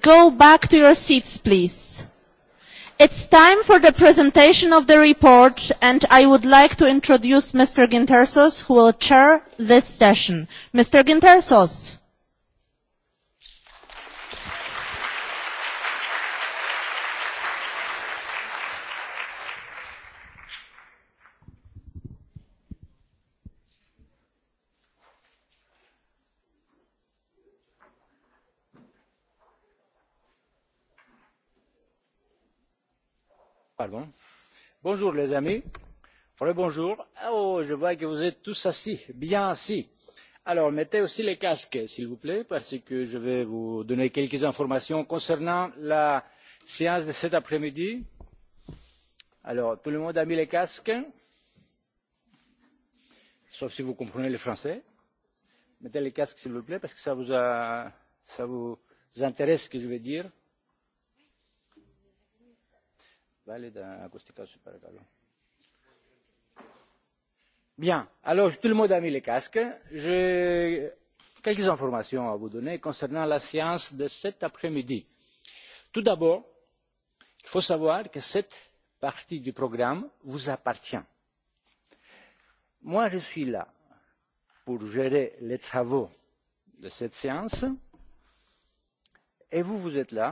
Go back to your seats, please. It's time for the presentation of the report, and I would like to introduce Mr. Gintersos, who will chair this session. Mr. Gintersos. Pardon. Bonjour les amis. Rebonjour. Oh, je vois que vous êtes tous assis, bien assis. Alors, mettez aussi les casques, s'il vous plaît, parce que je vais vous donner quelques informations concernant la séance de cet après-midi. Alors, tout le monde a mis les casques, sauf si vous comprenez le français. Mettez les casques, s'il vous plaît, parce que ça vous, a, ça vous intéresse ce que je vais dire. Βάλε τα ακουστικά σου παρακαλώ. Bien, alors tout le monde a mis les casques. J'ai quelques informations à vous donner concernant la séance de cet après-midi. Tout d'abord, il faut savoir que cette partie du programme vous appartient. Moi, je suis là pour gérer les travaux de cette séance et vous, vous êtes là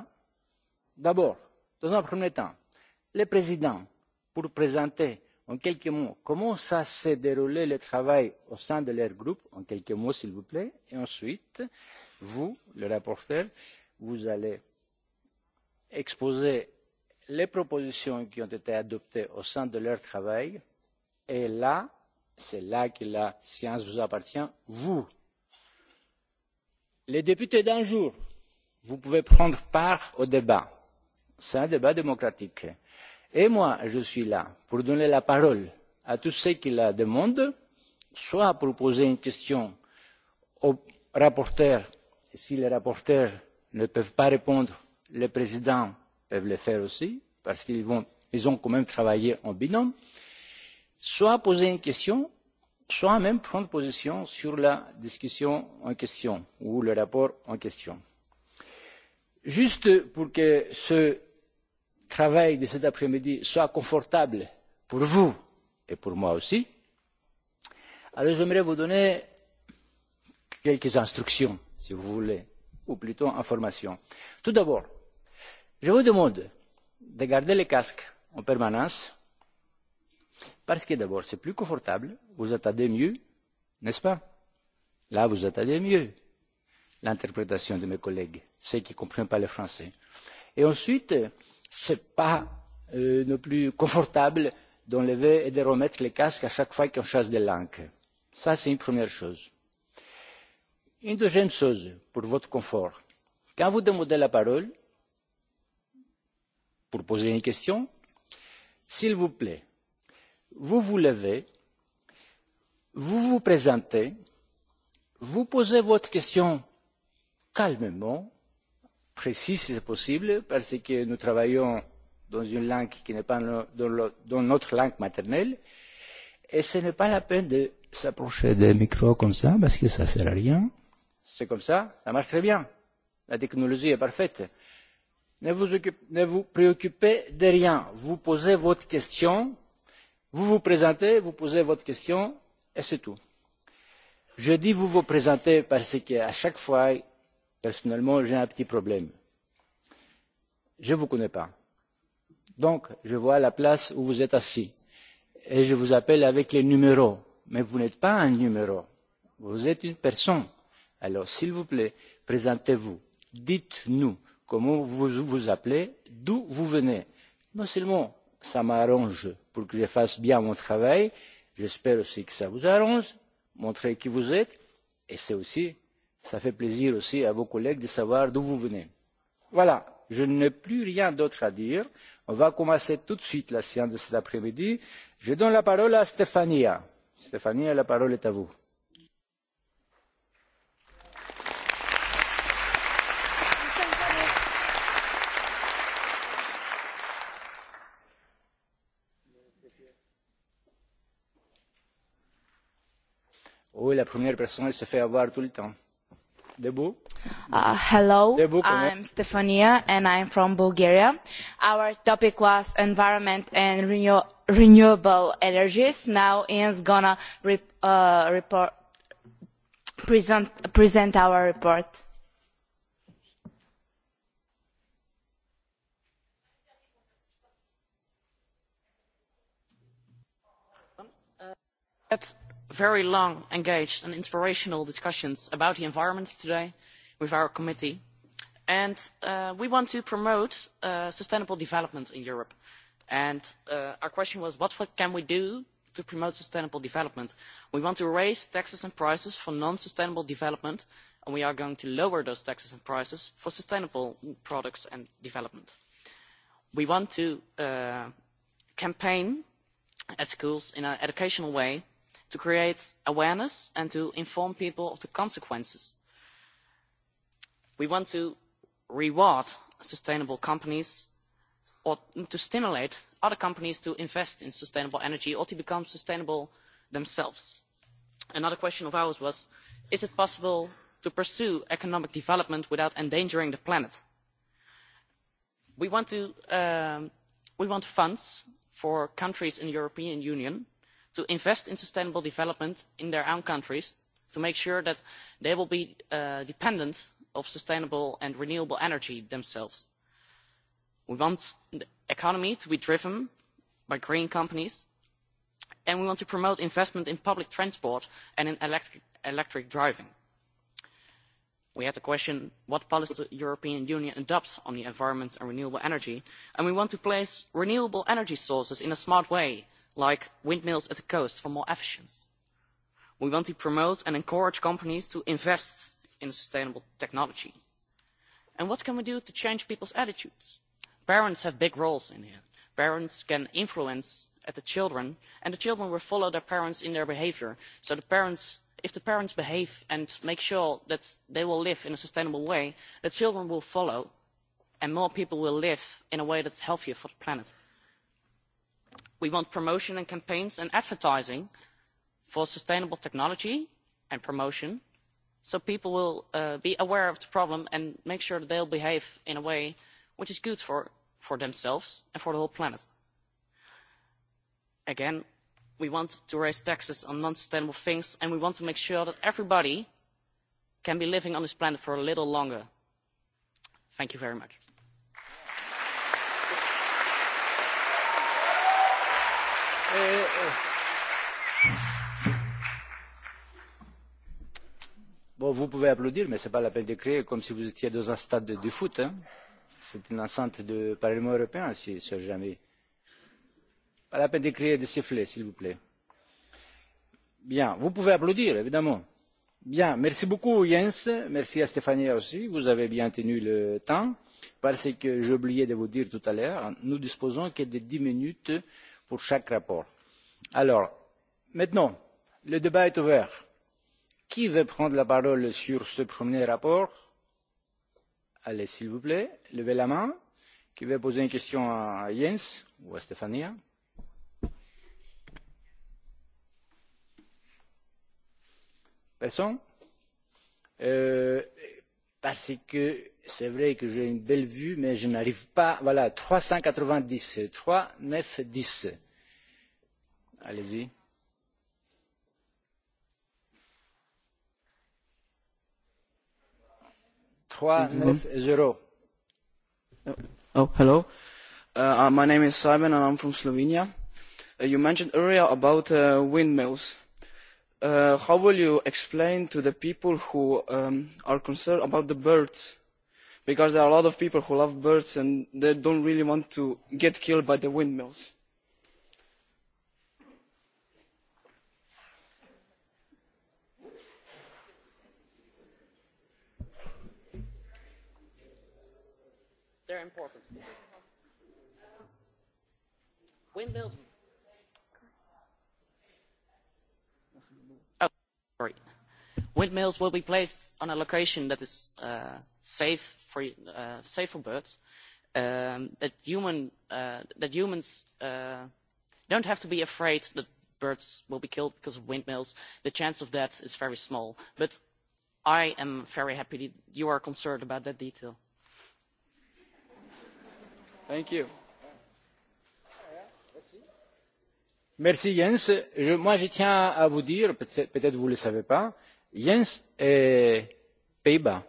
d'abord, dans un premier temps, le président pour présenter en quelques mots comment s'est déroulé le travail au sein de leur groupe en quelques mots s'il vous plaît et ensuite vous le rapporteur vous allez exposer les propositions qui ont été adoptées au sein de leur travail et là c'est là que la science vous appartient vous les députés d'un jour vous pouvez prendre part au débat c'est un débat démocratique. Et moi, je suis là pour donner la parole à tous ceux qui la demandent, soit pour poser une question au rapporteur, si les rapporteurs ne peuvent pas répondre, les présidents peuvent le faire aussi, parce qu'ils vont, ils ont quand même travaillé en binôme, soit poser une question, soit même prendre position sur la discussion en question ou le rapport en question. Juste pour que ceux travail de cet après-midi soit confortable pour vous et pour moi aussi, alors j'aimerais vous donner quelques instructions, si vous voulez, ou plutôt informations. Tout d'abord, je vous demande de garder le casque en permanence, parce que d'abord c'est plus confortable, vous attendez mieux, n'est-ce pas Là, vous attendez mieux l'interprétation de mes collègues, ceux qui ne comprennent pas le français. Et ensuite, euh, ce n'est pas euh, le plus confortable d'enlever et de remettre le casque à chaque fois qu'on change de langue. Ça, c'est une première chose. Une deuxième chose pour votre confort. Quand vous demandez la parole pour poser une question, s'il vous plaît, vous vous levez, vous vous présentez, vous posez votre question calmement précis si c'est possible parce que nous travaillons dans une langue qui n'est pas no, dans, le, dans notre langue maternelle et ce n'est pas la peine de s'approcher des micros comme ça parce que ça ne sert à rien. C'est comme ça, ça marche très bien. La technologie est parfaite. Ne vous, occupe, ne vous préoccupez de rien. Vous posez votre question, vous vous présentez, vous posez votre question et c'est tout. Je dis vous vous présentez parce qu'à chaque fois, personnellement j'ai un petit problème je ne vous connais pas donc je vois la place où vous êtes assis et je vous appelle avec les numéros mais vous n'êtes pas un numéro vous êtes une personne alors s'il vous plaît présentez vous dites nous comment vous vous appelez d'où vous venez non seulement ça m'arrange pour que je fasse bien mon travail j'espère aussi que ça vous arrange montrez qui vous êtes et c'est aussi Ça fait plaisir aussi à vos collègues de savoir d'où vous venez. Voilà, je n'ai plus rien d'autre à dire. On va commencer tout de suite la séance de cet après-midi. Je donne la parole à Stefania. Stefania, la parole est à vous. Oui, la première personne se fait avoir tout le temps. The book? Uh, hello, the book, I'm Stefania and I'm from Bulgaria. Our topic was environment and renew renewable energies. Now Ian's gonna rep uh, report, present, present our report. That's very long, engaged and inspirational discussions about the environment today with our committee. And uh, we want to promote uh, sustainable development in Europe. And uh, our question was, what can we do to promote sustainable development? We want to raise taxes and prices for non-sustainable development, and we are going to lower those taxes and prices for sustainable products and development. We want to uh, campaign at schools in an educational way to create awareness and to inform people of the consequences. We want to reward sustainable companies or to stimulate other companies to invest in sustainable energy or to become sustainable themselves. Another question of ours was, is it possible to pursue economic development without endangering the planet? We want, to, um, we want funds for countries in the European Union to invest in sustainable development in their own countries to make sure that they will be uh, dependent on sustainable and renewable energy themselves. We want the economy to be driven by green companies and we want to promote investment in public transport and in electric, electric driving. We had the question, what policy the European Union adopts on the environment and renewable energy? And we want to place renewable energy sources in a smart way like windmills at the coast for more efficiency. We want to promote and encourage companies to invest in sustainable technology. And what can we do to change people's attitudes? Parents have big roles in here. Parents can influence at the children, and the children will follow their parents in their behavior. So the parents, if the parents behave and make sure that they will live in a sustainable way, the children will follow, and more people will live in a way that's healthier for the planet we want promotion and campaigns and advertising for sustainable technology and promotion so people will uh, be aware of the problem and make sure that they'll behave in a way which is good for, for themselves and for the whole planet. Again, we want to raise taxes on non-sustainable things and we want to make sure that everybody can be living on this planet for a little longer. Thank you very much. Eh, eh. Bon, vous pouvez applaudir, mais ce n'est pas la peine de crier comme si vous étiez dans un stade de, de foot. Hein. C'est une enceinte du Parlement européen, si, si jamais. Pas la peine de crier et de siffler, s'il vous plaît. Bien, vous pouvez applaudir, évidemment. Bien, merci beaucoup Jens, merci à Stéphanie aussi, vous avez bien tenu le temps, parce que j'ai oublié de vous dire tout à l'heure, nous disposons que de 10 minutes euh, pour chaque rapport. Alors, maintenant, le débat est ouvert. Qui veut prendre la parole sur ce premier rapport Allez, s'il vous plaît, levez la main. Qui veut poser une question à Jens ou à Stefania Personne euh, Parce que c'est vrai que j'ai une belle vue, mais je n'arrive pas. Voilà, 390, 3, 9, 10. Allez-y. Oh, oh, hello. Uh, uh, my name is Simon and I'm from Slovenia. Uh, you mentioned earlier about uh, windmills. Uh, how will you explain to the people who um, are concerned about the birds because there are a lot of people who love birds and they do not really want to get killed by the windmills. They're important. Windmills windmills will be placed on a location that is uh, safe for uh, safe for birds um, that human uh, that humans uh, don't have to be afraid that birds will be killed because of windmills the chance of that is very small but i am very happy that you are concerned about that detail thank you merci jens je, moi je tiens à vous dire peut être vous ne le savez pas Jens est euh, Pays-Bas,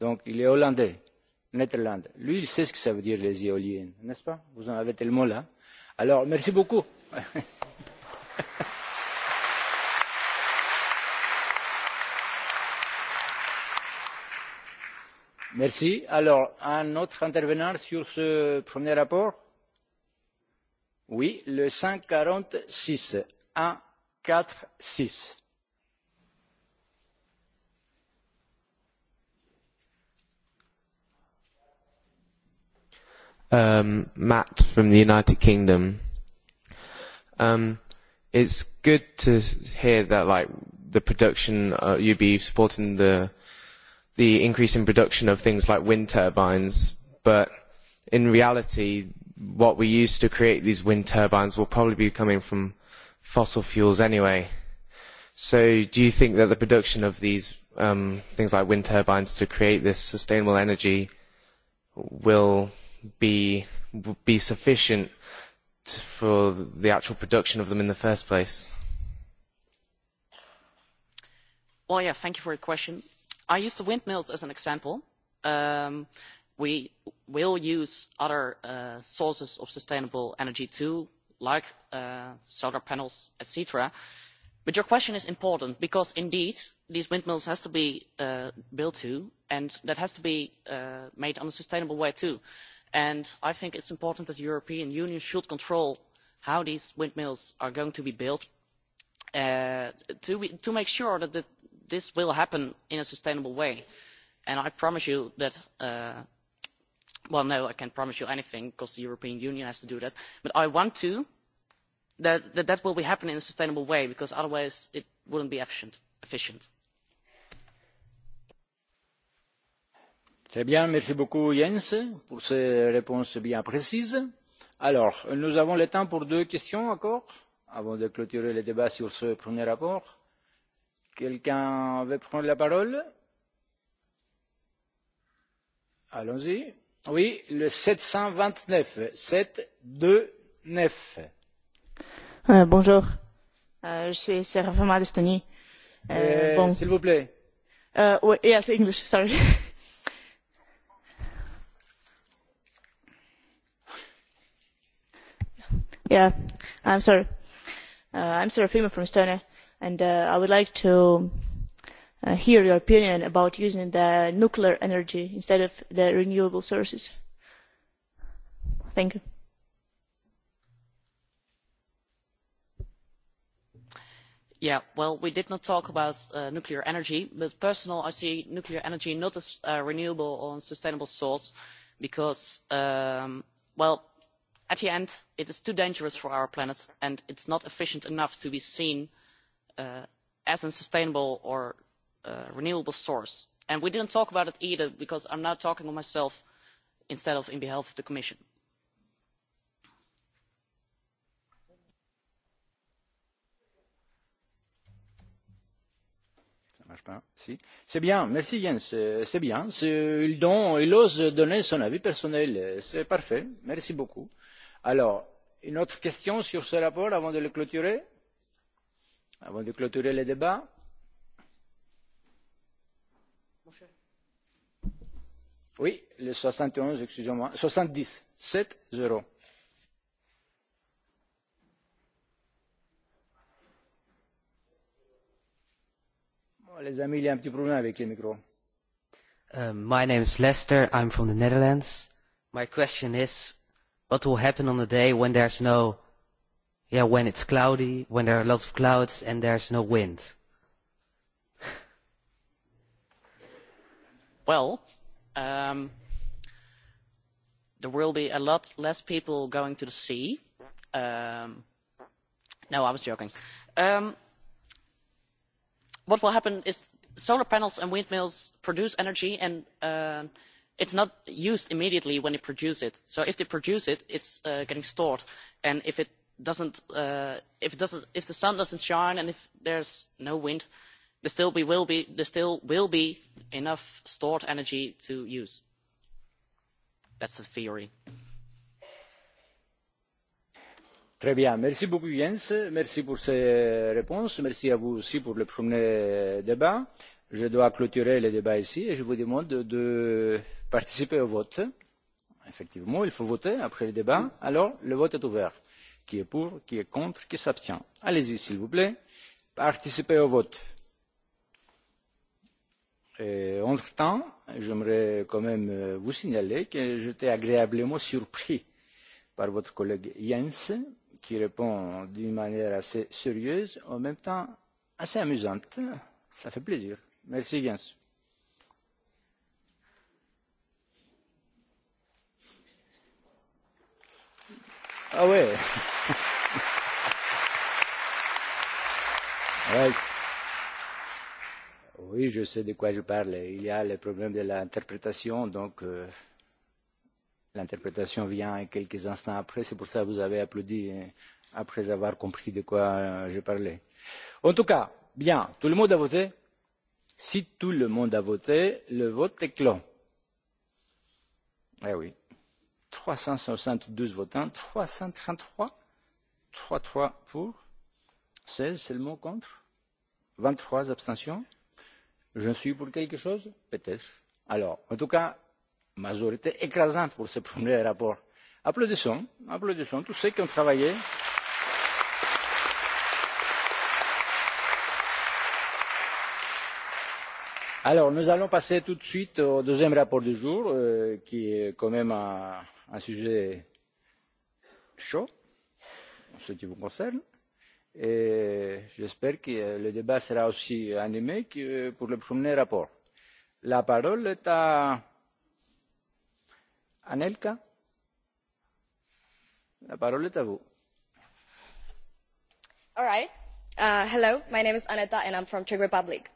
donc il est hollandais, Netherlands. Lui, il sait ce que ça veut dire les éoliennes, n'est-ce pas Vous en avez tellement là. Alors, merci beaucoup. merci. Alors, un autre intervenant sur ce premier rapport Oui, le 146. 1, 4, 6. um, Matt from the United Kingdom. Um, it's good to hear that like the production uh, you'd be supporting the the increase in production of things like wind turbines, but in reality, what we use to create these wind turbines will probably be coming from fossil fuels anyway. So, do you think that the production of these um, things like wind turbines to create this sustainable energy will be be sufficient for the actual production of them in the first place? Well, yeah, thank you for your question. I used the windmills as an example. Um, we will use other uh, sources of sustainable energy too, like uh, solar panels, etc. But your question is important because indeed these windmills has to be uh, built to, and that has to be uh, made on a sustainable way too. Uh, and i think it is important that the european union should control how these windmills are going to be built uh, to, be, to make sure that the, this will happen in a sustainable way. And I promise you that, uh, well, no, I can't promise you anything because the European Union has to do that. But I want to, that that, that will be happening in a sustainable way because otherwise it wouldn't be efficient. efficient. Très bien, merci beaucoup Jens pour ces réponses bien précises. Alors, nous avons le temps pour deux questions encore, avant de clôturer le débat sur ce premier rapport. Quelqu'un veut prendre la parole Allons-y. Oui, le 729. 7, 2, 9. Euh, bonjour. Euh, je suis Serafima d'Estonie. Euh, euh, bon. S'il vous plaît. Uh, well, yes, English, sorry. yeah, I'm sorry. Uh, I'm Serafima from Estonia, and uh, I would like to uh, hear your opinion about using the nuclear energy instead of the renewable sources. Thank you. Yeah, well, we did not talk about uh, nuclear energy, but personal, I see nuclear energy not as a uh, renewable or sustainable source because, um, well, at the end it is too dangerous for our planet and it is not efficient enough to be seen uh, as a sustainable or uh, renewable source. And we didn't talk about it either because I'm now talking on myself instead of in behalf of the Commission. Si. C'est bien, merci Jens, euh, c'est bien. Il, don, il ose donner son avis personnel, euh, c'est parfait, merci beaucoup. Euh, Alors, une autre question sur ce rapport avant de le clôturer Avant de clôturer le débat Oui, le 71, excusez-moi, 70, 7, 0. Bon, les amis, il y a un petit problème avec les micros. Uh, my name is Lester, I'm from the Netherlands. My question is, what will happen on the day when there's no yeah when it's cloudy when there are lots of clouds and there's no wind well um, there will be a lot less people going to the sea um, no i was joking um, what will happen is solar panels and windmills produce energy and uh, it's not used immediately when they produce it. So if they produce it, it's uh, getting stored. And if it doesn't, uh, if it doesn't, if the sun doesn't shine and if there's no wind, there still be, will be, there still will be enough stored energy to use. That's the theory. Très bien. Merci beaucoup, Jens. Merci pour ces réponses. Merci à vous aussi pour le premier débat je dois clôturer le débat ici et je vous demande de, de participer au vote. Effectivement, il faut voter après le débat. Alors, le vote est ouvert. Qui est pour, qui est contre, qui s'abstient Allez-y, s'il vous plaît. Participez au vote. Entre-temps, j'aimerais quand même euh, vous signaler que j'étais agréablement surpris par votre collègue Jens, qui répond d'une manière assez sérieuse, en même temps assez amusante. Ça fait plaisir. Merci, Jens. Ah ouais. ouais. Oui, je sais de quoi je parle. Il y a le problème de l'interprétation, donc euh, l'interprétation vient quelques instants après. C'est pour ça que vous avez applaudi euh, après avoir compris de quoi euh, je parlais. En tout cas, bien, tout le monde a voté Si tout le monde a voté, le vote est clos. Eh oui. 372 votants, 333, 33 pour, 16 seulement contre, 23 abstentions. Je suis pour quelque chose Peut-être. Alors, en tout cas, majorité écrasante pour ce premier rapport. Applaudissons, applaudissons tous ceux qui ont travaillé. Applaudissements Alors, nous allons passer tout de suite au deuxième rapport du jour, euh, qui est quand même un, un sujet chaud, en ce qui vous concerne. Et j'espère que euh, le débat sera aussi animé que pour le premier rapport. La parole est à Anelka. La parole est à vous. All right. Uh, hello my name is aneta and i'm from czech republic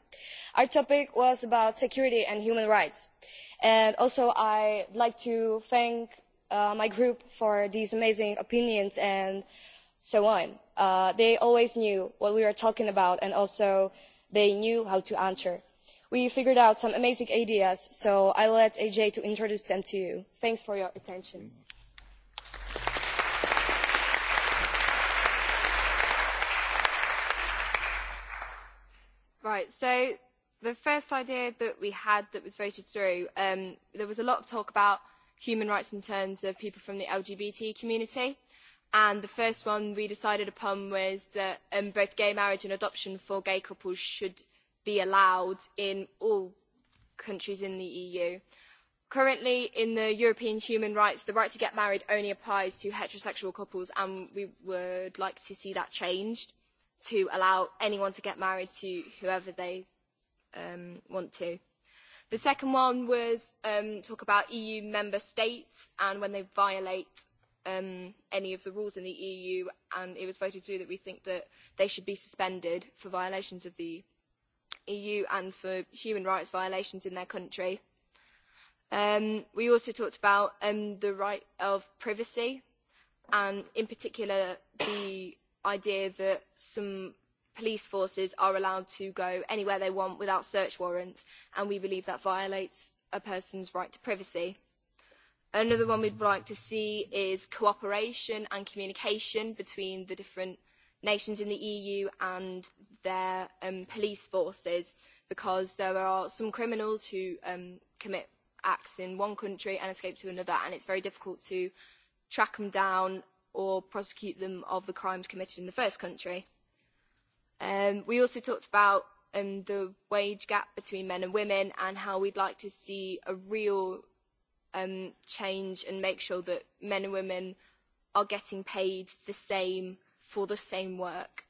our topic was about security and human rights and also i'd like to thank uh, my group for these amazing opinions and so on uh, they always knew what we were talking about and also they knew how to answer we figured out some amazing ideas so i let aj to introduce them to you thanks for your attention Right, so the first idea that we had that was voted through, um, there was a lot of talk about human rights in terms of people from the LGBT community. And the first one we decided upon was that um, both gay marriage and adoption for gay couples should be allowed in all countries in the EU. Currently, in the European human rights, the right to get married only applies to heterosexual couples, and we would like to see that changed to allow anyone to get married to whoever they um, want to. The second one was um, talk about EU member states and when they violate um, any of the rules in the EU, and it was voted through that we think that they should be suspended for violations of the EU and for human rights violations in their country. Um, we also talked about um, the right of privacy, and in particular the idea that some police forces are allowed to go anywhere they want without search warrants, and we believe that violates a person's right to privacy. Another one we'd like to see is cooperation and communication between the different nations in the EU and their um, police forces because there are some criminals who um, commit acts in one country and escape to another and it's very difficult to track them down or prosecute them of the crimes committed in the first country. Um, we also talked about um, the wage gap between men and women and how we'd like to see a real um, change and make sure that men and women are getting paid the same for the same work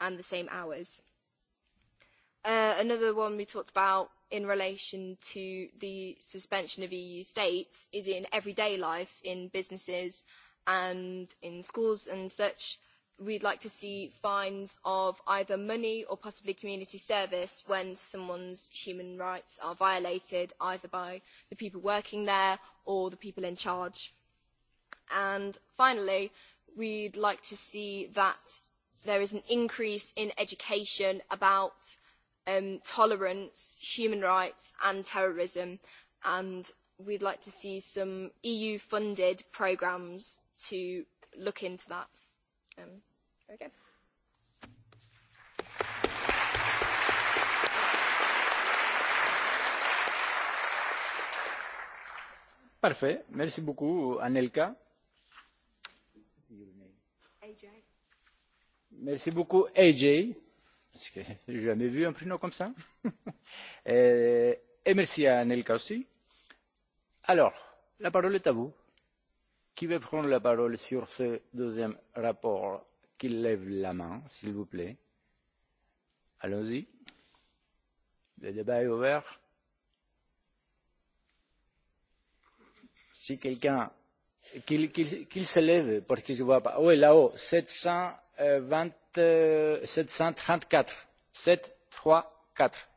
and the same hours. Uh, another one we talked about in relation to the suspension of EU states is in everyday life, in businesses and in schools and such, we'd like to see fines of either money or possibly community service when someone's human rights are violated, either by the people working there or the people in charge. And finally, we'd like to see that there is an increase in education about um, tolerance, human rights and terrorism. And we'd like to see some EU-funded programmes to look into that. Um, there we go. Parfait. Merci beaucoup, Anelka. AJ. Merci beaucoup, AJ. Parce que j'ai jamais vu un prénom comme ça. et, euh, et merci à Anelka aussi. Alors, la parole est à vous. Qui veut prendre la parole sur ce deuxième rapport Qu'il lève la main, s'il vous plaît. Allons-y. Le débat est ouvert. Si quelqu'un. Qu'il qu qu se lève, parce que je ne vois pas. Oui, oh, là-haut, 720, 734. 734.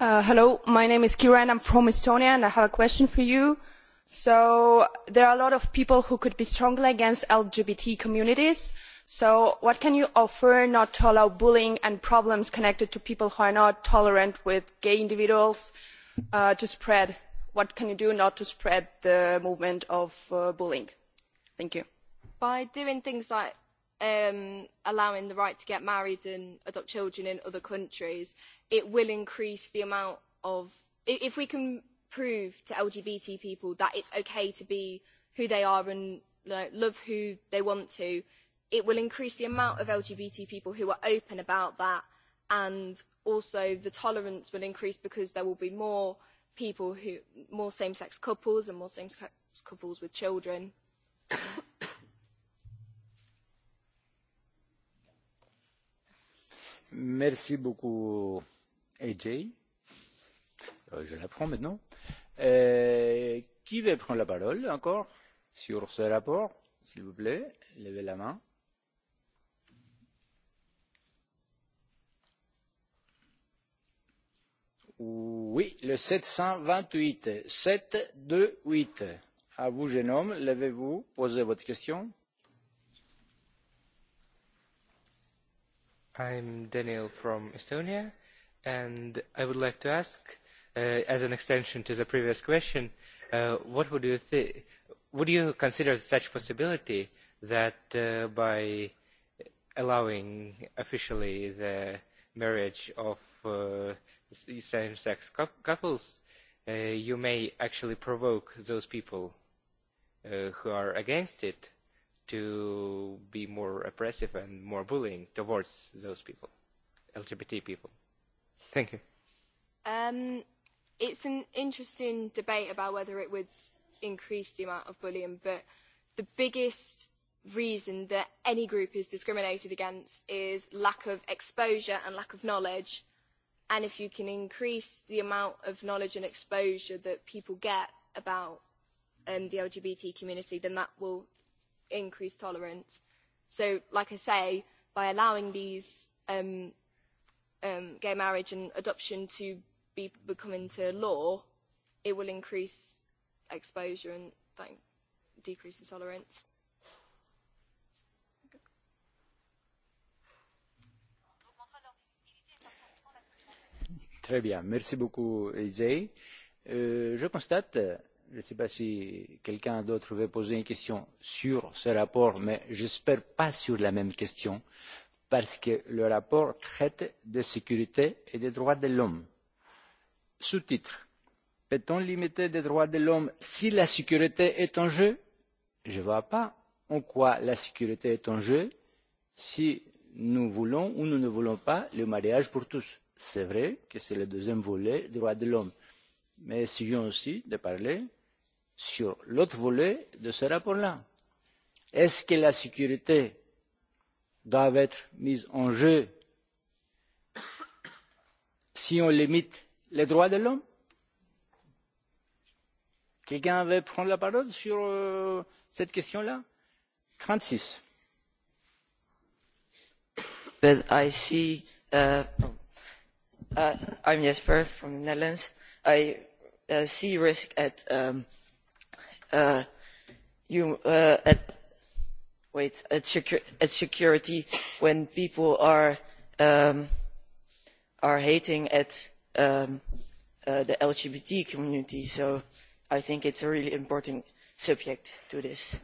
Uh, hello, my name is Kiran, I'm from Estonia, and I have a question for you. Uh, So there are a lot of people who could be strongly against LGBT communities. So what can you offer not to allow bullying and problems connected to people who are not tolerant with gay individuals uh, to spread? What can you do not to spread the movement of uh, bullying? Thank you. By doing things like um, allowing the right to get married and adopt children in other countries, it will increase the amount of... If we can prove to LGBT people that it's okay to be who they are and like, love who they want to, it will increase the amount of LGBT people who are open about that and also the tolerance will increase because there will be more people who, more same-sex couples and more same-sex couples with children. Merci beaucoup, AJ. Euh, je l'apprends maintenant. Euh, qui veut prendre la parole encore sur ce rapport S'il vous plaît, levez la main. Oui, le 728. 7, 2, 8. À vous, jeune homme, levez-vous, posez votre question. I'm Daniel from Estonia, and I would like to ask Uh, as an extension to the previous question, uh, what would you think? Would you consider such possibility that uh, by allowing officially the marriage of same-sex couples, you may actually provoke those people who are against it to be more oppressive and more bullying towards those people, LGBT people? Thank you. Um, it's an interesting debate about whether it would increase the amount of bullying, but the biggest reason that any group is discriminated against is lack of exposure and lack of knowledge. And if you can increase the amount of knowledge and exposure that people get about um, the LGBT community, then that will increase tolerance. So, like I say, by allowing these um, um, gay marriage and adoption to be become into law, it will increase exposure and that decrease the tolerance. Très bien, merci beaucoup, Jay. Euh, je constate, je ne sais pas si quelqu'un d'autre veut poser une question sur ce rapport, mais j'espère pas sur la même question, parce que le rapport traite de sécurité et des droits de l'homme sous titre peut on limiter les droits de l'homme si la sécurité est en jeu? je ne vois pas en quoi la sécurité est en jeu si nous voulons ou nous ne voulons pas le mariage pour tous. c'est vrai que c'est le deuxième volet des droits de l'homme mais essayons aussi de parler sur l'autre volet de ce rapport là. est ce que la sécurité doit être mise en jeu si on limite les droits de l'homme Quelqu'un veut prendre la parole sur euh, cette question-là 36. But I see. Uh, oh, uh, I'm Jesper from the Netherlands. I uh, see risk at um, uh, you uh, at wait at, secu- at security when people are um, are hating at um, uh, the lgbt community so i think it is a really important subject to this.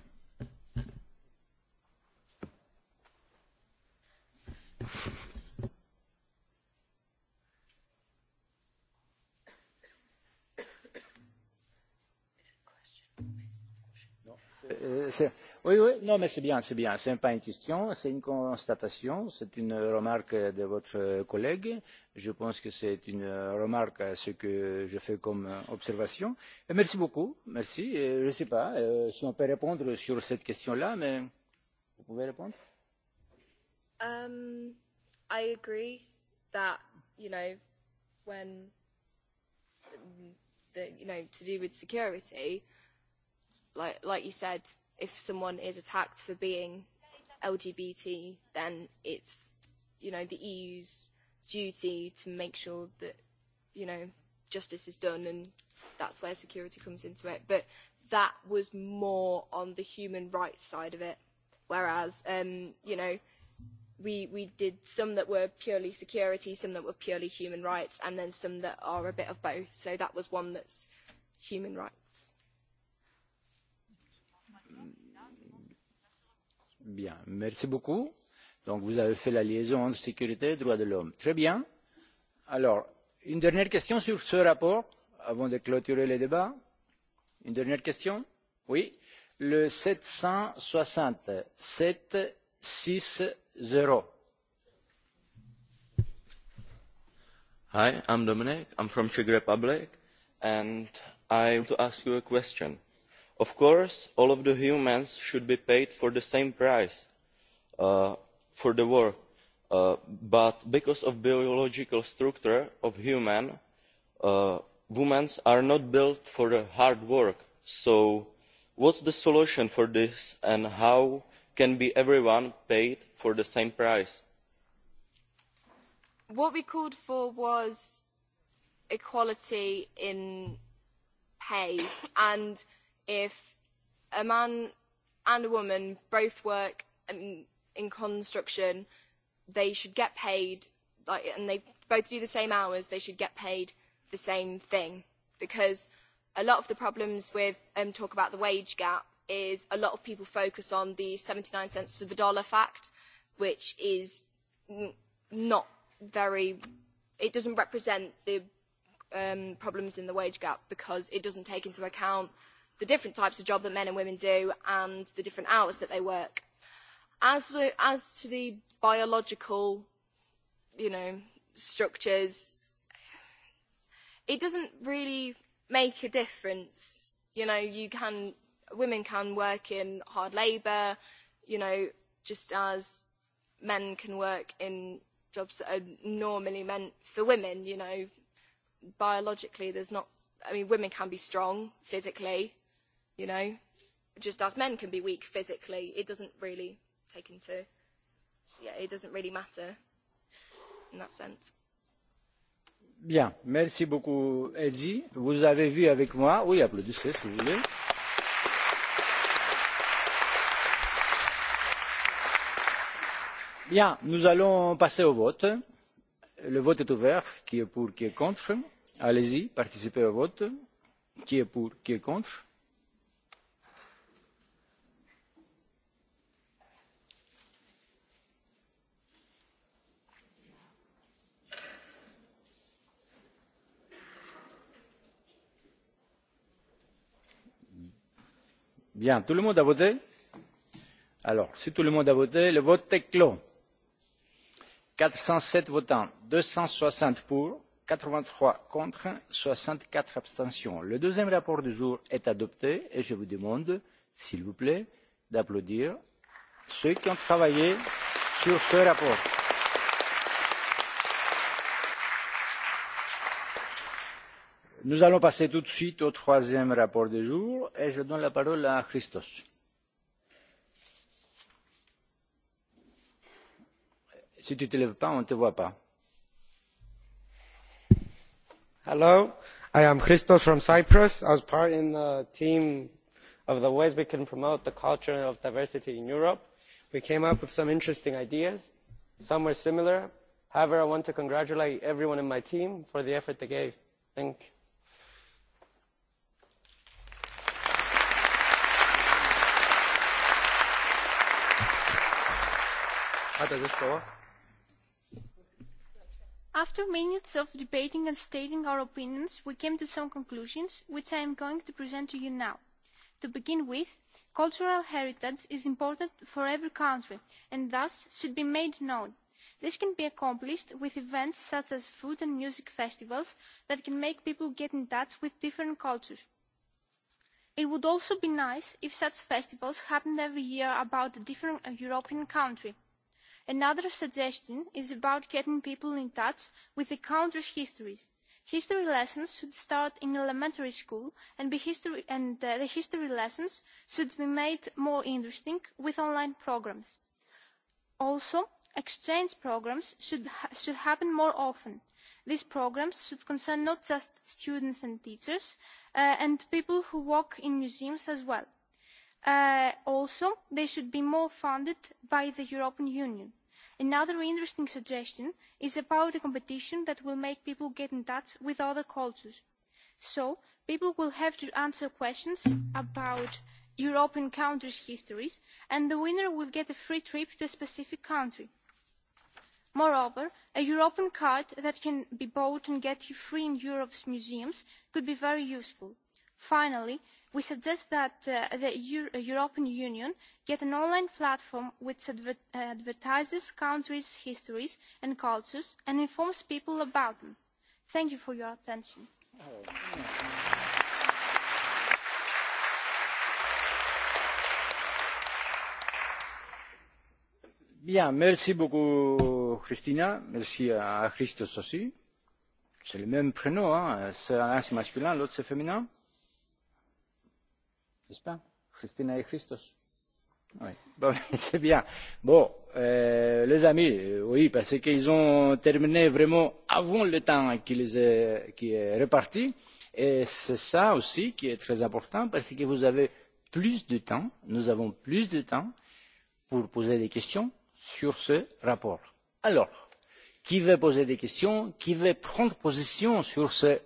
Uh, uh, Oui, oui, non, mais c'est bien, c'est bien. Ce n'est pas une question, c'est une constatation, c'est une remarque de votre collègue. Je pense que c'est une remarque à ce que je fais comme observation. Et merci beaucoup, merci. Et je ne sais pas euh, si on peut répondre sur cette question-là, mais vous pouvez répondre. Um, I agree that, you know, when, the, you know, to do with security, like, like you said, if someone is attacked for being LGBT, then it's, you know, the EU's duty to make sure that, you know, justice is done and that's where security comes into it. But that was more on the human rights side of it. Whereas, um, you know, we, we did some that were purely security, some that were purely human rights, and then some that are a bit of both. So that was one that's human rights. Bien, merci beaucoup. Donc vous avez fait la liaison entre sécurité et droits de l'homme. Très bien. Alors, une dernière question sur ce rapport avant de clôturer le débat. Une dernière question Oui. Le 767 6 0. Hi, I'm Dominic. I'm from Czech Republic, and I want to ask you a question of course all of the humans should be paid the same price uh, for their work uh, but because of the biological structure of humans uh, women are not built for hard work so what is the solution for this and how can be everyone paid for the same price? what we called for was equality in pay and if a man and a woman both work in, in construction, they should get paid, like, and they both do the same hours, they should get paid the same thing. Because a lot of the problems with um, talk about the wage gap is a lot of people focus on the 79 cents to the dollar fact, which is n- not very, it doesn't represent the um, problems in the wage gap because it doesn't take into account – the different types of job that men and women do and the different hours that they work. As, as to the biological, you know, structures, it doesn't really make a difference. You know, you can, women can work in hard labour, you know, just as men can work in jobs that are normally meant for women, you know, biologically there's not, I mean, women can be strong physically, you know, just as men can be weak physically, it doesn't really take into, yeah, it doesn't really matter in that sense. Bien, merci beaucoup Eddie. Vous avez vu avec moi, oui, applaudissez si vous voulez. Bien, nous allons passer au vote. Le vote est ouvert. Qui est pour, qui est contre Allez-y, participez au vote. Qui est pour, qui est contre Bien, tout le monde a voté Alors, si tout le monde a voté, le vote est clos. 407 votants, 260 pour, 83 contre, 64 abstentions. Le deuxième rapport du jour est adopté et je vous demande, s'il vous plaît, d'applaudir ceux qui ont travaillé sur ce rapport. Nous allons passer tout de suite au troisième rapport du jour et je donne la parole à Christos. Si tu ne te lèves pas, on ne te voit pas. Hello, I am Christos from Cyprus. I was part in the team of the ways we can promote the culture of diversity in Europe. We came up with some interesting ideas. Some were similar. However, I want to congratulate everyone in my team for the effort they gave. Thank you. Hat das Dauer? After minutes of debating and stating our opinions, we came to some conclusions, which I am going to present to you now. To begin with, cultural heritage is important for every country and thus should be made known. This can be accomplished with events such as food and music festivals that can make people get in touch with different cultures. It would also be nice if such festivals happened every year about a different European country another suggestion is about getting people in touch with the country's histories. History lessons should start in elementary school and, be history, and uh, the history lessons should be made more interesting with online programs. Also, exchange programs should, ha- should happen more often. These programs should concern not just students and teachers uh, and people who work in museums as well. Uh, also, they should be more funded by the European Union Another interesting suggestion is about a competition that will make people get in touch with other cultures. So people will have to answer questions about European countries' histories and the winner will get a free trip to a specific country. Moreover, a European card that can be bought and get you free in Europe's museums could be very useful. Finally, we suggest that uh, the Euro uh, European Union get an online platform which adver uh, advertises countries' histories and cultures and informs people about them. Thank you for your attention. Oh. Bien, merci beaucoup Christina, merci à Christos aussi. C'est le même prénom, hein. c'est un masculin, l'autre c'est féminin n'est-ce pas Christina et Christos. Oui, bon, c'est bien. Bon, euh, les amis, euh, oui, parce qu'ils ont terminé vraiment avant le temps qui, les est, qui est réparti. Et c'est ça aussi qui est très important parce que vous avez plus de temps, nous avons plus de temps pour poser des questions sur ce rapport. Alors, qui veut poser des questions Qui veut prendre position sur ce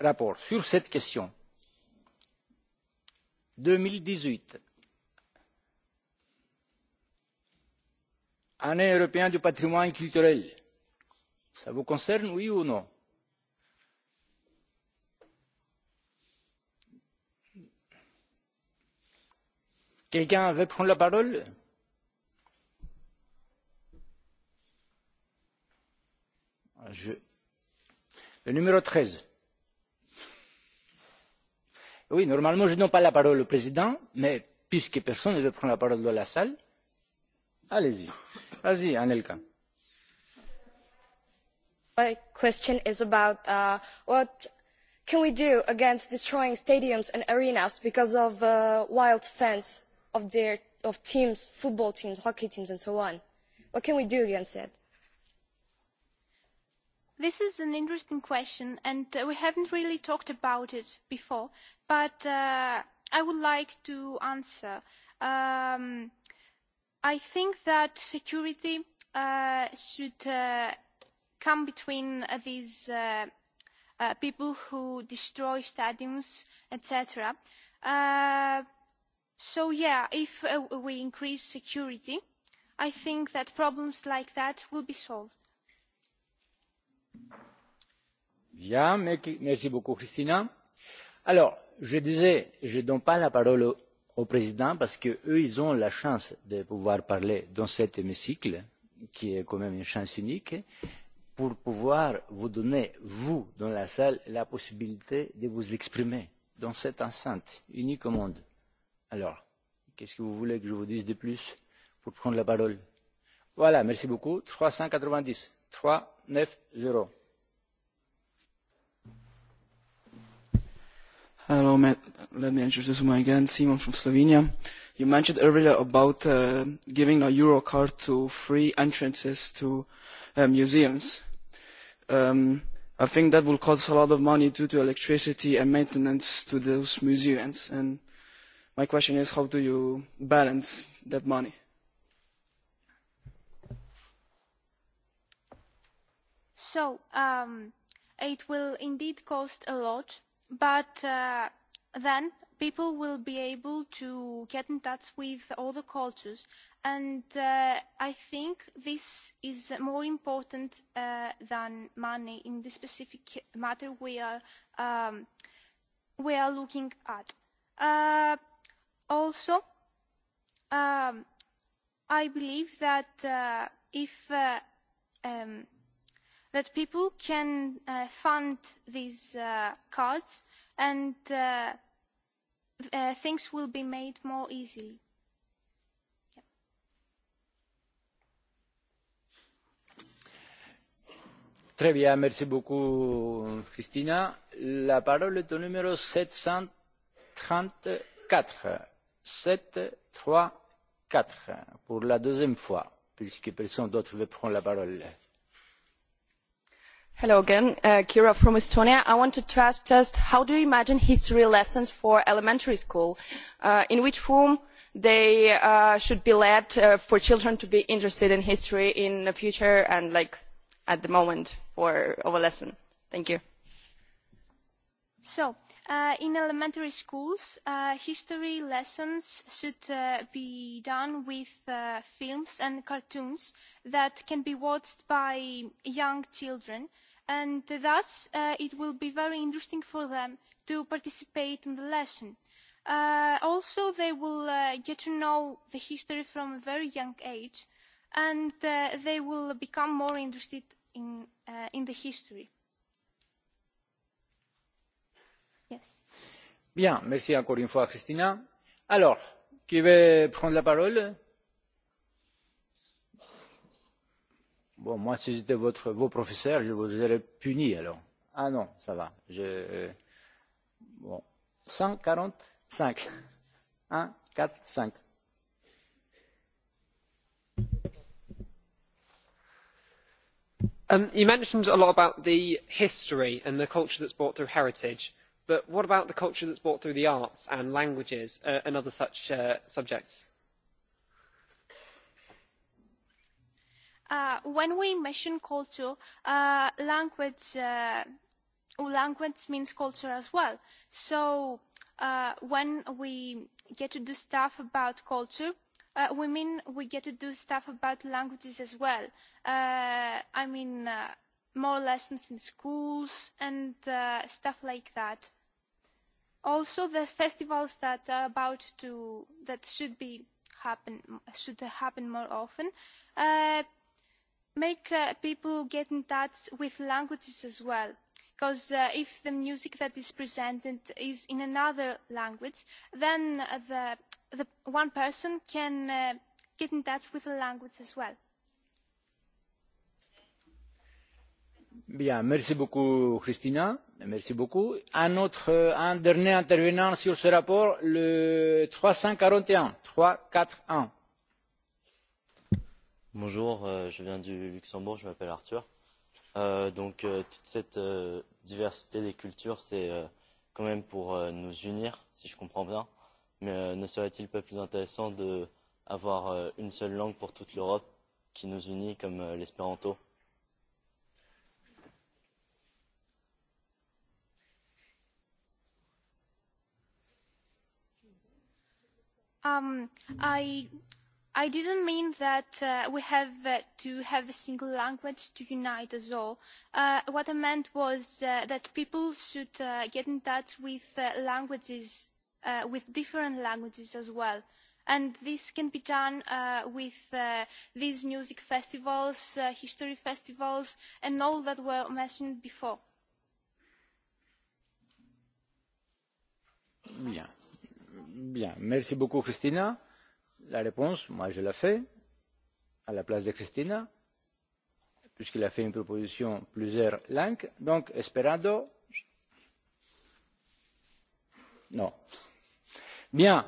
rapport, sur cette question deux mille dix huit année européenne du patrimoine culturel ça vous concerne oui ou non? quelqu'un veut prendre la parole? Je... le numéro treize Oui, normalement, je donne pas la parole au président, mais puisque personne ne veut prendre la parole dans la salle, allez-y. Vas-y, Anelka. My question is about uh, what can we do against destroying stadiums and arenas because of uh, wild fans of their of teams, football teams, hockey teams, and so on? What can we do against it? This is an interesting question, and uh, we haven't really talked about it before, but uh, I would like to answer. Um, I think that security uh, should uh, come between uh, these uh, uh, people who destroy stadiums, etc. Uh, so yeah, if uh, we increase security, I think that problems like that will be solved. Bien, merci beaucoup Christina. Alors, je disais, je ne donne pas la parole au, au président parce qu'eux, ils ont la chance de pouvoir parler dans cet hémicycle, qui est quand même une chance unique, pour pouvoir vous donner, vous, dans la salle, la possibilité de vous exprimer dans cette enceinte unique au monde. Alors, qu'est-ce que vous voulez que je vous dise de plus pour prendre la parole Voilà, merci beaucoup. 390. 3 neuf zéro. Hello, let me introduce this woman again, Simon from Slovenia. You mentioned earlier about uh, giving a Euro card to free entrances to uh, museums. Um, I think that will cost a lot of money due to electricity and maintenance to those museums. And my question is, how do you balance that money? So um, it will indeed cost a lot, but uh, then people will be able to get in touch with all the cultures. And uh, I think this is more important uh, than money in the specific matter we are, um, we are looking at. Uh, also, um, I believe that uh, if uh, um, that people can uh, fund these uh, cards and uh, uh, things will be made more easily. Yeah. Très bien, merci beaucoup Christina. La parole est au numéro 734. 734 pour la deuxième fois, puisque personne d'autre veut prendre la parole. Hello again, uh, Kira from Estonia. I wanted to ask just how do you imagine history lessons for elementary school? Uh, in which form they uh, should be led uh, for children to be interested in history in the future and like at the moment for our lesson? Thank you. So, uh, in elementary schools, uh, history lessons should uh, be done with uh, films and cartoons that can be watched by young children. Uh, and thus uh, it will be very interesting for them to participate in the lesson. Uh, also, they will uh, get to know the history from a very young age and uh, they will become more interested in, uh, in the history. Yes. Bien, merci encore une fois, Christina. Alors, qui veut prendre la parole Bon, moi, si j'étais votre, vos professeurs, je vous aurais puni alors. Ah non, ça va. Je, euh, bon. 145. 1, 4, 5. Um, you mentioned a lot about the history and the culture that's brought through heritage, but what about the culture that's brought through the arts and languages uh, and other such uh, subjects? uh, when we mention culture, uh, language, uh, oh, language means culture as well. So uh, when we get to do stuff about culture, uh, we mean we get to do stuff about languages as well. Uh, I mean, uh, more lessons in schools and uh, stuff like that. Also, the festivals that are about to, that should be happen, should happen more often. Uh, make uh, people get in touch with languages as well because uh, if the music that is presented is in another language then the, the one person can uh, get in touch with the language as well. Bien, merci beaucoup Christina, merci beaucoup. Un autre, un dernier intervenant sur ce rapport, le 341, 341. Bonjour, euh, je viens du Luxembourg, je m'appelle Arthur. Euh, donc euh, toute cette euh, diversité des cultures, c'est euh, quand même pour euh, nous unir, si je comprends bien. Mais euh, ne serait-il pas plus intéressant d'avoir euh, une seule langue pour toute l'Europe qui nous unit comme euh, l'espéranto Um, I I didn't mean that uh, we have uh, to have a single language to unite us all. Uh, what I meant was uh, that people should uh, get in touch with uh, languages, uh, with different languages as well. And this can be done uh, with uh, these music festivals, uh, history festivals, and all that were mentioned before. Bien. Bien. Merci beaucoup, Christina la réponse moi je l'ai fait à la place de Christina puisqu'il a fait une proposition plusieurs langues donc Esperanto non bien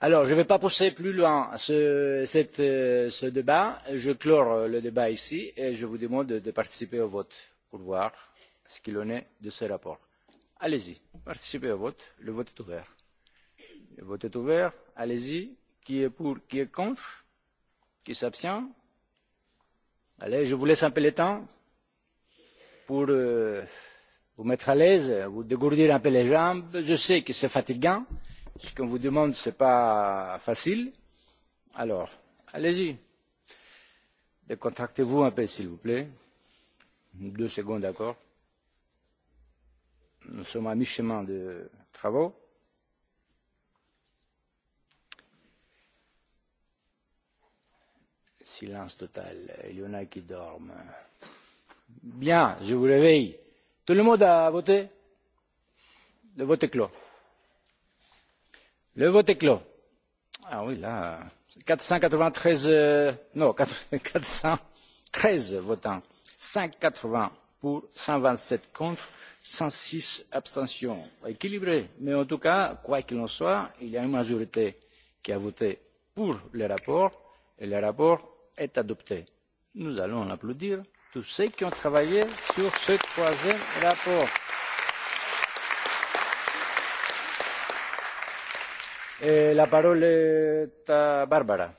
alors je ne vais pas pousser plus loin ce, cette, euh, ce débat je clore euh, le débat ici et je vous demande de, de participer au vote pour voir ce qu'il en est de ce rapport allez y participez au vote le vote est ouvert le vote est ouvert allez y qui est pour, qui est contre, qui s'abstient. Allez, je vous laisse un peu le temps pour euh, vous mettre à l'aise, vous dégourdir un peu les jambes. Je sais que c'est fatigant. Ce qu'on vous demande, ce n'est pas facile. Alors, allez-y. Décontractez-vous un peu, s'il vous plaît. Deux secondes, d'accord. Nous sommes à mi-chemin de travaux. silence total. Il y en a qui dorment. Bien, je vous réveille. Tout le monde a voté Le vote est clos. Le vote est clos. Ah oui, là, 493, euh, non, 413 votants, 180 pour, 127 contre, 106 abstentions. Équilibré, mais en tout cas, quoi qu'il en soit, il y a une majorité qui a voté pour le rapport et le rapport est adopté. Nous allons applaudir tous ceux qui ont travaillé sur ce troisième rapport. Et la parole est à Barbara.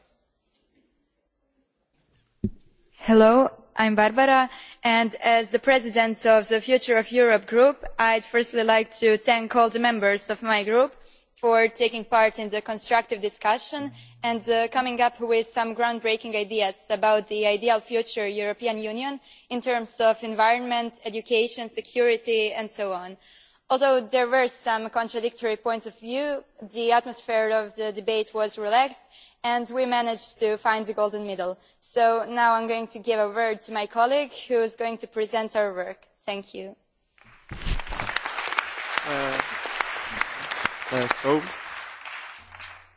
Hello, I'm Barbara, and as the president of the Future of Europe group, I'd firstly like to thank all the members of my group for taking part in the constructive discussion and uh, coming up with some groundbreaking ideas about the ideal future european union in terms of environment education security and so on. although there were some contradictory points of view the atmosphere of the debate was relaxed and we managed to find the golden middle. so now i am going to give the word to my colleague who is going to present our work. thank you. Uh, Uh, so,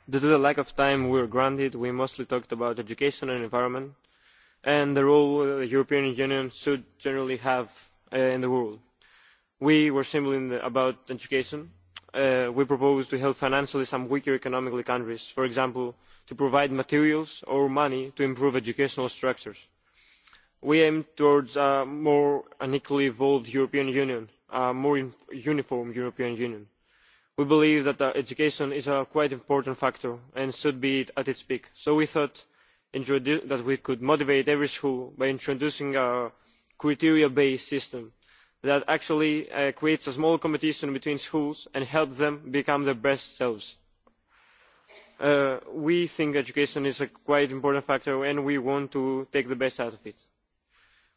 due to the lack of time we were granted, we mostly talked about education and environment, and the role uh, the European Union should generally have uh, in the world. We were simply in the, about education. Uh, we proposed to help financially some weaker economically countries, for example, to provide materials or money to improve educational structures. We aim towards a more unequally evolved European Union, a more uniform European Union we believe that uh, education is a quite important factor and should be at its peak so we thought that we could motivate every school by introducing a criteria based system that actually uh, creates a small competition between schools and helps them become their best selves. Uh, we think education is a quite important factor and we want to take the best out of it.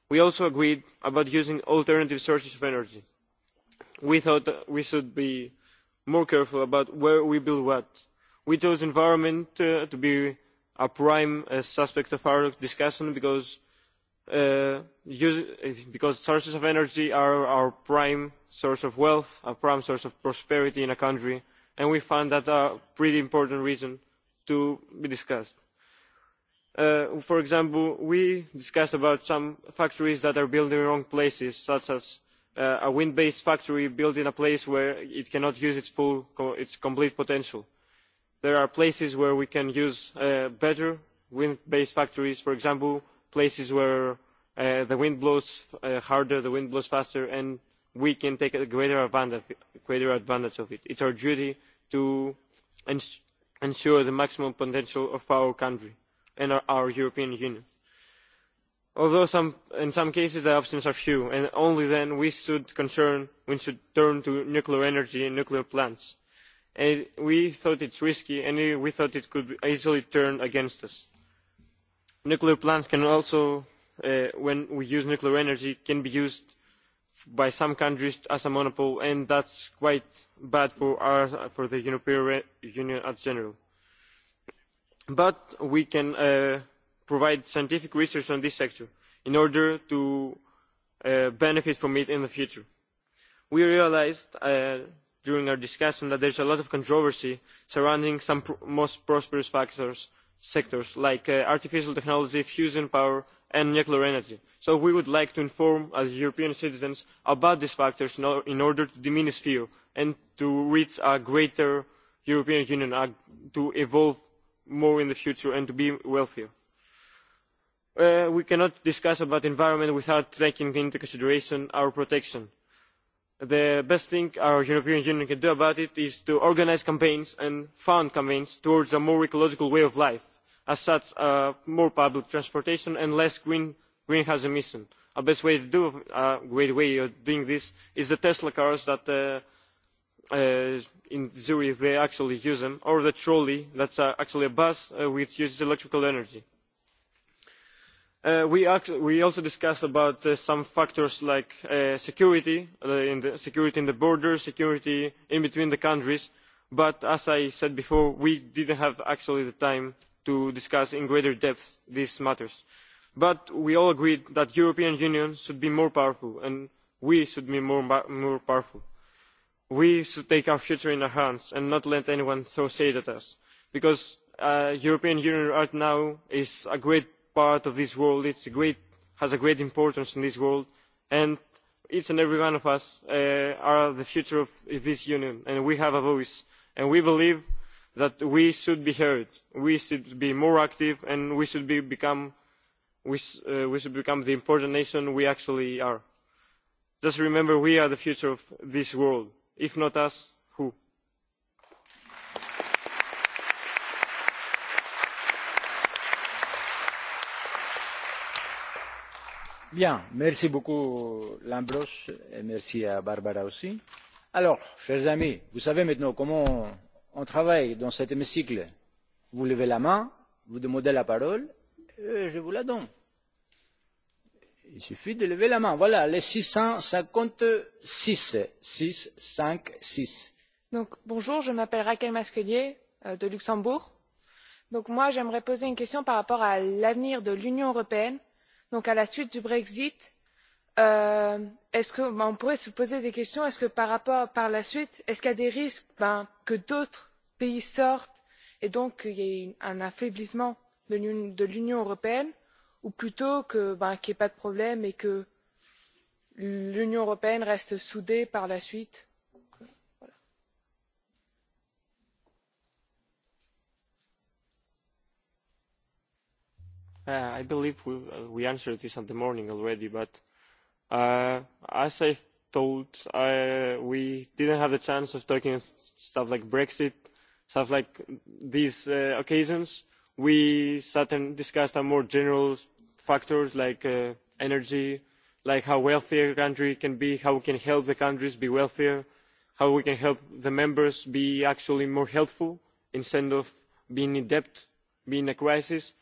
We also agreed about using alternative sources of energy. We thought we should be more careful about where we build what. We chose environment uh, to be a prime uh, suspect of our discussion because uh, use, because sources of energy are our prime source of wealth, a prime source of prosperity in a country, and we find that a pretty important reason to be discussed. Uh, for example, we discussed about some factories that are built in the wrong places, such as uh, a wind based factory built in a place where it cannot use its full its complete potential. there are places where we can use uh, better wind based factories for example places where uh, the wind blows uh, harder the wind blows faster and we can take a greater advantage, greater advantage of it. it is our duty to ens ensure the maximum potential of our country and our, our european union although some, in some cases the options are few, and only then we should, concern, we should turn to nuclear energy and nuclear plants. And we thought it's risky, and we thought it could easily turn against us. Nuclear plants can also, uh, when we use nuclear energy, can be used by some countries as a monopoly, and that's quite bad for, our, for the European Union as general. But we can uh, provide scientific research on this sector in order to uh, benefit from it in the future. We realized uh, during our discussion that there's a lot of controversy surrounding some pr most prosperous factors, sectors like uh, artificial technology, fusion power and nuclear energy. So we would like to inform as European citizens about these factors in, in order to diminish fear and to reach a greater European Union, uh, to evolve more in the future and to be wealthier. Uh, we cannot discuss the environment without taking into consideration our protection. the best thing our european union can do about it is to organise campaigns and fund campaigns towards a more ecological way of life as such as uh, more public transportation and less green, greenhouse emissions. the best way, do, uh, great way of doing this is the tesla cars that uh, uh, in zurich they actually use them or the trolley that's uh, actually a bus uh, which uses electrical energy Uh, we, we also discussed about uh, some factors like uh, security, uh, in the security in the border, security in between the countries, but as I said before, we didn't have actually the time to discuss in greater depth these matters. But we all agreed that European Union should be more powerful and we should be more, more powerful. We should take our future in our hands and not let anyone throw shade at us because uh, European Union right now is a great part of this world it's a great, has a great importance in this world and each and every one of us uh, are the future of this union and we have a voice and we believe that we should be heard we should be more active and we should be become we, uh, we should become the important nation we actually are just remember we are the future of this world if not us Bien, merci beaucoup Lambros et merci à Barbara aussi. Alors, chers amis, vous savez maintenant comment on travaille dans cet hémicycle. Vous levez la main, vous demandez la parole, et je vous la donne. Il suffit de lever la main. Voilà, les 656. 6, 5, 6. Donc, bonjour, je m'appelle Raquel Masquelier euh, de Luxembourg. Donc, moi, j'aimerais poser une question par rapport à l'avenir de l'Union européenne donc à la suite du brexit euh, est-ce que bah, on pourrait se poser des questions est-ce que par rapport par la suite est-ce qu'il y a des risques ben, que d'autres pays sortent et donc qu'il y ait un affaiblissement de l'Union européenne ou plutôt que ben, qu'il n'y ait pas de problème et que l'Union européenne reste soudée par la suite Uh, I believe we, uh, we answered this in the morning already, but uh, as I thought, uh, we didn't have the chance of talking stuff like Brexit, stuff like these uh, occasions. We sat and discussed more general factors like uh, energy, like how wealthy a country can be, how we can help the countries be wealthier, how we can help the members be actually more helpful instead of being in debt, being in a crisis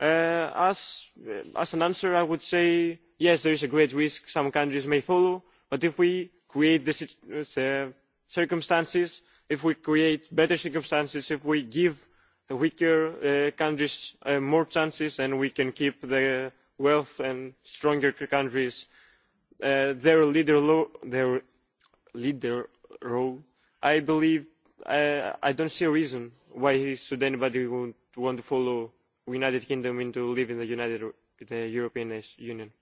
Uh, as, uh, as an answer i would say yes there is a great risk some countries may follow but if we create the, uh, the circumstances if we create better circumstances if we give weaker uh, countries uh, more chances then we can keep the wealth and stronger countries uh, their leader, their leader role. i believe i do not see a reason why should anybody want to follow United Kingdom into leaving the United the European Union.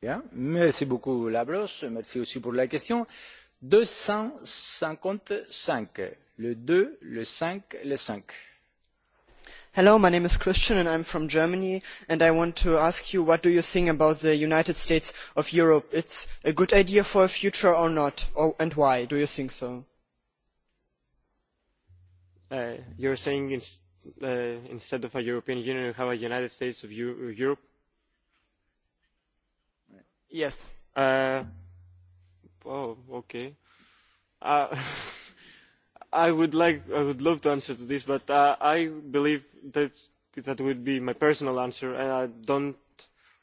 Bien, merci beaucoup Labros, merci aussi pour la question. 255, le 2, le 5, le 5. Hello, my name is Christian and I'm from Germany and I want to ask you what do you think about the United States of Europe? It's a good idea for a future or not? Or, and why do you think so? Uh, you're saying it's uh, instead of a European Union, you have a United States of U Europe? Yes. Uh, oh, okay. Uh, I would like, I would love to answer to this, but uh, I believe that that would be my personal answer, and I don't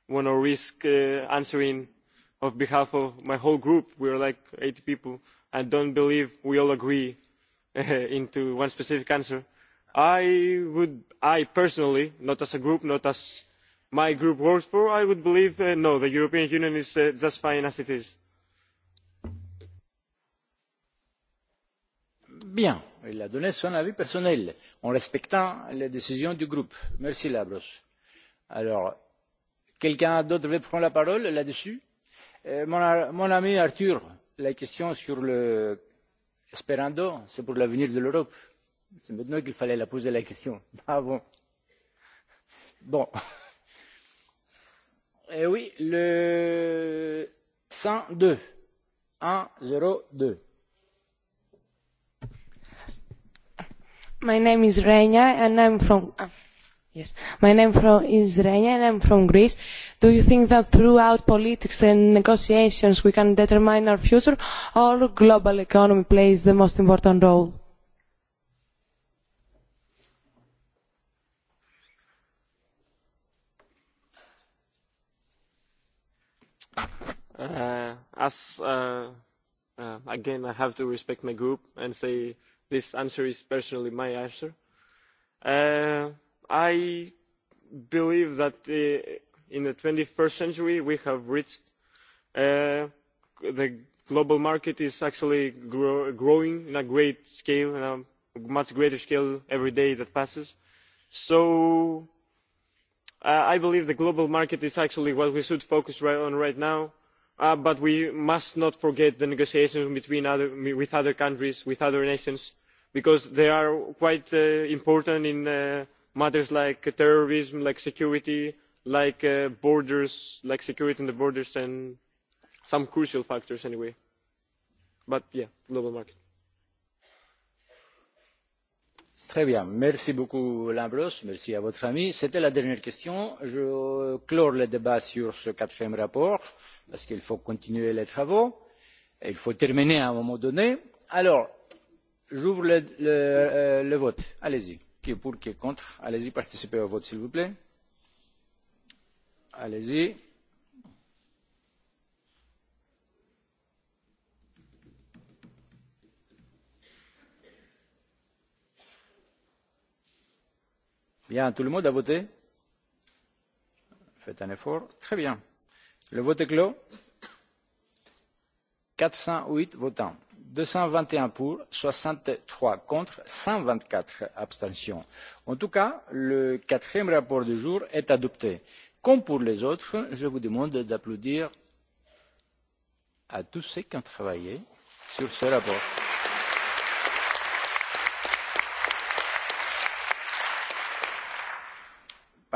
want to risk uh, answering on behalf of my whole group. We are like 80 people. I don't believe we all agree uh, into one specific answer I would, I personally, not as a group, not as my group works for, I would believe uh, no, the European Union is uh, just fine as it is. Bien, il a donné son avis personnel en respectant les décisions du groupe. Merci Labros. Alors, quelqu'un d'autre veut prendre la parole là-dessus euh, mon, mon ami Arthur, la question sur l'espéranto, le c'est pour l'avenir de l'Europe. C'est maintenant qu'il fallait la poser la question, pas avant. Bon. Eh oui, le 102. 102. My name is Renia and I'm from uh, yes. My name from, is Renia and I'm from Greece. Do you think that throughout politics and negotiations we can determine our future, or global economy plays the most important role? uh, as uh, uh, again I have to respect my group and say this answer is personally my answer. Uh, I believe that uh, in the 21st century we have reached uh, the global market is actually grow, growing in a great scale, in a much greater scale every day that passes. So uh, I believe the global market is actually what we should focus right on right now Uh, but we must not forget the negotiations between other, with other countries, with other nations, because they are quite uh, important in uh, matters like terrorism, like security, like uh, borders, like security in the borders, and some crucial factors anyway. But yeah, global market. Très bien. Merci beaucoup, Lambros. Merci à votre ami. C'était la dernière question. Je clore le débat sur ce quatrième rapport parce qu'il faut continuer les travaux. Et il faut terminer à un moment donné. Alors, j'ouvre le, le, euh, le vote. Allez-y. Qui est pour, qui est contre Allez-y, participez au vote, s'il vous plaît. Allez-y. Bien, tout le monde a voté Faites un effort. Très bien. Le vote est clos. 408 votants. 221 pour, 63 contre, 124 abstentions. En tout cas, le quatrième rapport du jour est adopté. Comme pour les autres, je vous demande d'applaudir à tous ceux qui ont travaillé sur ce rapport.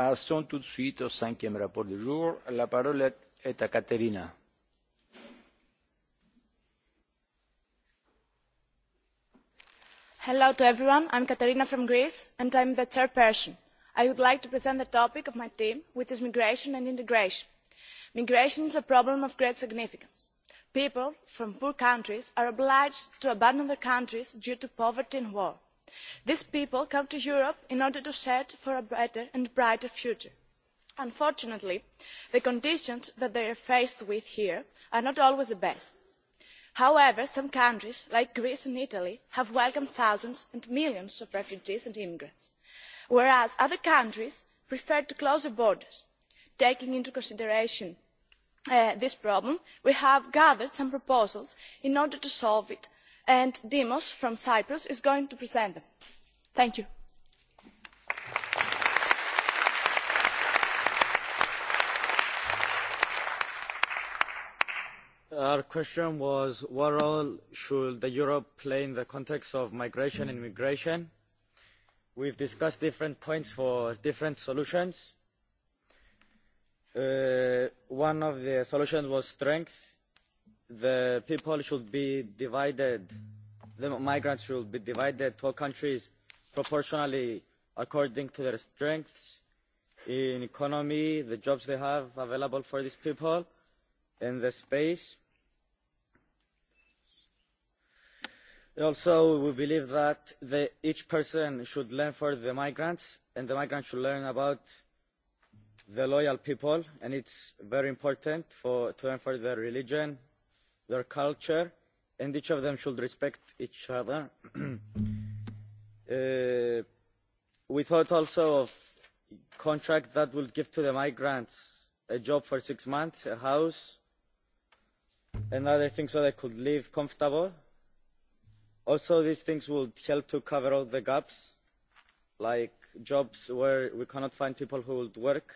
Passons tout de suite au cinquième rapport du jour. La parole est à Katerina. Hello to everyone. I'm Katerina from Greece and I'm the chairperson. I would like to present the topic of my team, which is migration and integration. Migration is a problem of great significance. People from poor countries are obliged to abandon their countries due to poverty and war these people come to europe in order to search for a better and brighter future. unfortunately the conditions that they are faced with here are not always the best. however some countries like greece and italy have welcomed thousands and millions of refugees and immigrants whereas other countries prefer to close their borders. taking into consideration uh, this problem we have gathered some proposals in order to solve it and Demos from Cyprus is going to present them. Thank you. Our question was, what role should the euro play in the context of migration and immigration? We've discussed different points for different solutions. Uh, one of the solutions was strength the people should be divided, the migrants should be divided to countries proportionally according to their strengths in economy, the jobs they have available for these people, and the space. Also, we believe that the, each person should learn for the migrants, and the migrants should learn about the loyal people, and it's very important for, to learn for their religion, their culture, and each of them should respect each other. uh, we thought also of contract that will give to the migrants a job for six months, a house, and other things so they could live comfortable. Also, these things would help to cover all the gaps, like jobs where we cannot find people who would work,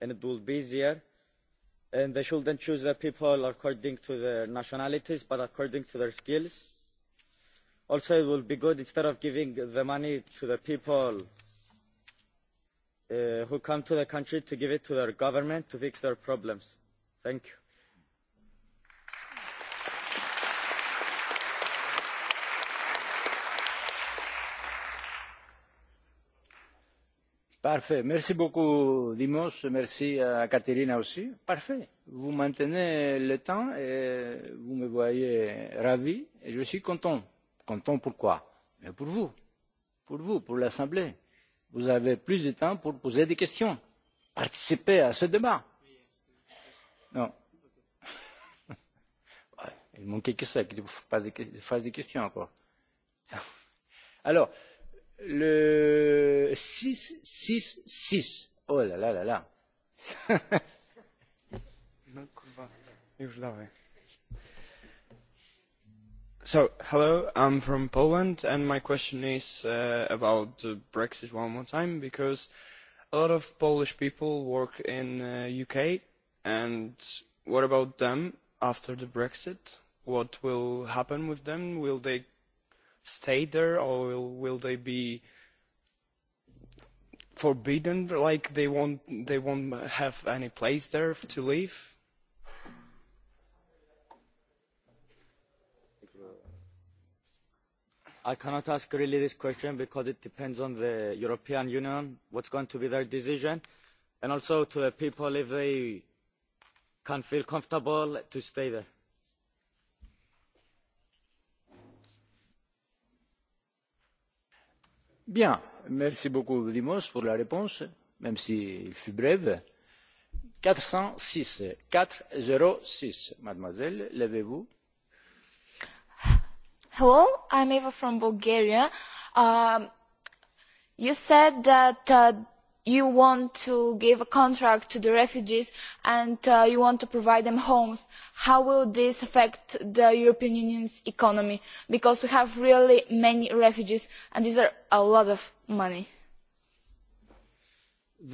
and it will be easier and they shouldn't choose the people according to their nationalities but according to their skills. Also, it would be good instead of giving the money to the people uh, who come to the country to give it to their government to fix their problems. Thank you. Parfait. Merci beaucoup, Dimos. Merci à Katerina aussi. Parfait. Vous maintenez le temps et vous me voyez ravi. Et je suis content. Content pourquoi Mais pour vous. Pour vous, pour l'Assemblée. Vous avez plus de temps pour poser des questions. Participez à ce débat. Non. Il manquait que ça, qu'il fasse des questions encore. Alors, le 6, 6, 6. Oh là là là là. no, kurwa, już dawaj. So, hello, I'm from Poland, and my question is uh, about uh, Brexit one more time, because a lot of Polish people work in uh, UK, and what about them after the Brexit? What will happen with them? Will they stay there or will, will they be forbidden like they won't they won't have any place there to live I cannot ask really this question because it depends on the European Union, what's going to be their decision, and also to the people if they can feel comfortable to stay there. Bien, merci beaucoup Dimos pour la réponse, même s'il fut brève. 406, 406, mademoiselle, levez-vous. Hello, I'm Eva from Bulgaria. Um, you said that uh, you want to give a contract to the refugees and uh, you want to provide them homes how will this affect the european union's economy because we have really many refugees and these are a lot of money.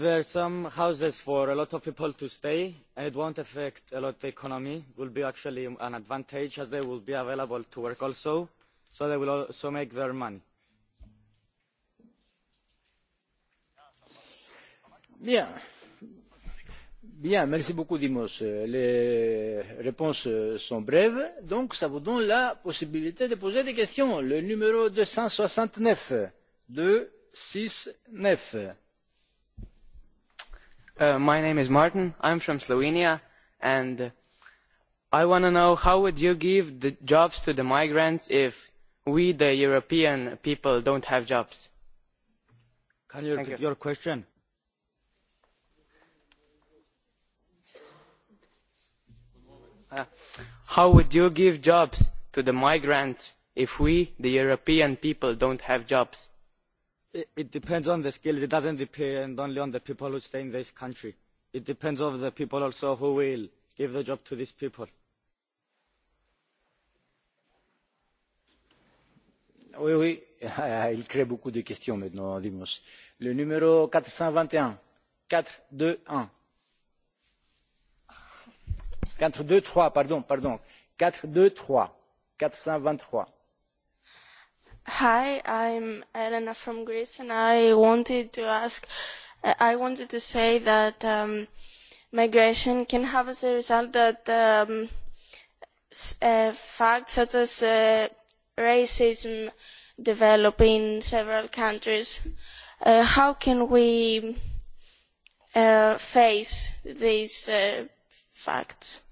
there are some houses for a lot of people to stay and it won't affect a lot the economy it will be actually an advantage as they will be available to work also so they will also make their money Bien. Bien, merci beaucoup Dimos. Les réponses sont brèves, donc ça vous donne la possibilité de poser des questions. Le numéro 269. 269. Uh, my name is Martin. I'm from Slovenia and I want to know how would you give the jobs to the migrants if we, the European people, don't have jobs? Can you Thank repeat you. your question? Uh, how would you give jobs to the migrants if we, the European people, don't have jobs? It, it depends on the skills. It doesn't depend only on the people who stay in this country. It depends on the people also who will give the job to these people. Oui, oui, il crée beaucoup de questions maintenant, Dimos. Le numéro 421, 421 quatre deux trois pardon pardon quatre deux trois quatre cent vingt trois. Hi, I'm Elena from Greece, and I wanted to ask, uh, I wanted to say that um, migration can have as a result that um, uh, facts such as uh, racism develop in several countries. Uh, how can we uh, face these uh, facts?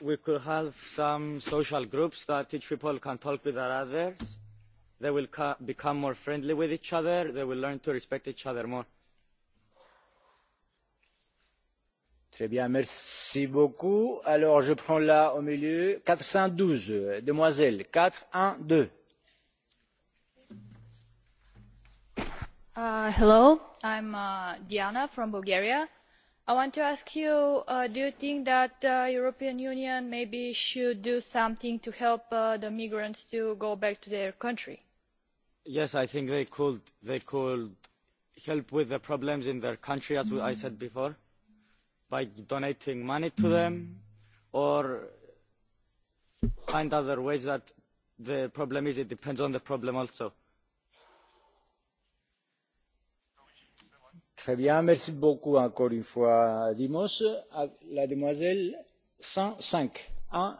we could have some social groups that each people can talk with their others. They will ca- become more friendly with each other. They will learn to respect each other more. Très bien, merci beaucoup. Alors, je prends là au milieu 412, demoiselle 412. Uh, hello, I'm uh, Diana from Bulgaria i want to ask you uh, do you think that the uh, european union maybe should do something to help uh, the migrants to go back to their country? yes i think they could they could help with the problems in their country as i said mm-hmm. before by donating money to them mm-hmm. or find other ways that the problem is it depends on the problem also Très bien, merci beaucoup encore une fois, Dimos. À la demoiselle 105,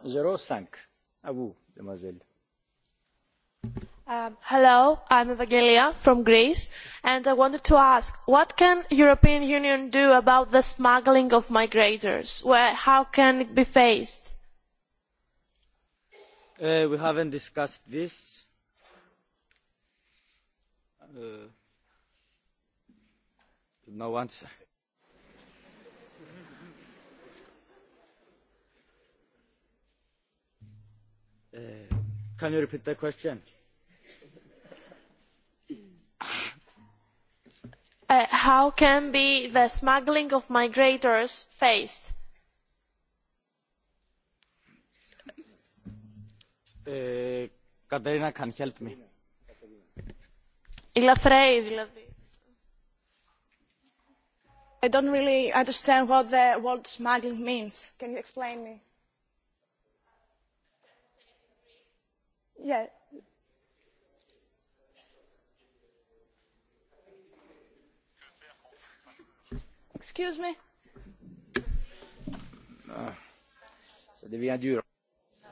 105. À vous, demoiselle. Um, hello, I'm Evangelia from Greece, and I wanted to ask, what can European Union do about the smuggling of migrators? Where, how can it be faced? Uh, we haven't discussed this. Uh, no answer. Uh, can you repeat the question? Uh, how can be the smuggling of migrators faced? Uh, Katerina can help me. Ελαφραίοι δηλαδή. I don't really understand what the word smuggling means. Can you explain me? Yeah. Excuse me? Ah, ça devient dur.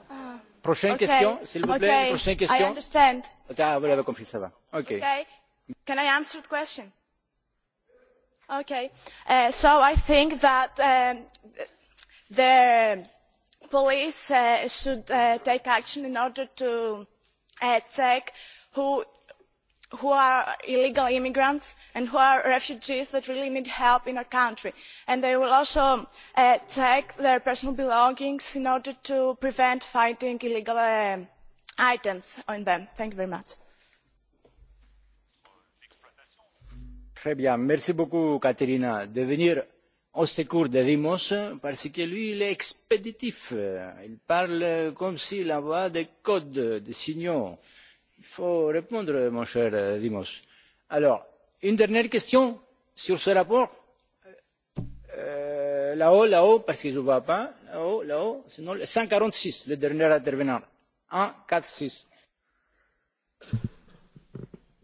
Ah. Prochaine okay. question, s'il vous plaît. Okay. Prochaine question. I understand. Ah, vous l'avez compris, ça va. Okay. okay. Can I answer the question? Okay, uh, so I think that um, the police uh, should uh, take action in order to uh, take who who are illegal immigrants and who are refugees that really need help in our country. And they will also uh, take their personal belongings in order to prevent finding illegal uh, items on them. Thank you very much. Très bien. Merci beaucoup, Katerina, de venir au secours de Dimos, parce que lui, il est expéditif. Il parle comme s'il envoie des codes, des signaux. Il faut répondre, mon cher Dimos. Alors, une dernière question sur ce rapport. Euh, là-haut, là-haut, parce que je ne vois pas. Là-haut, là-haut. Sinon, 146, le dernier intervenant. 1, 4, 6.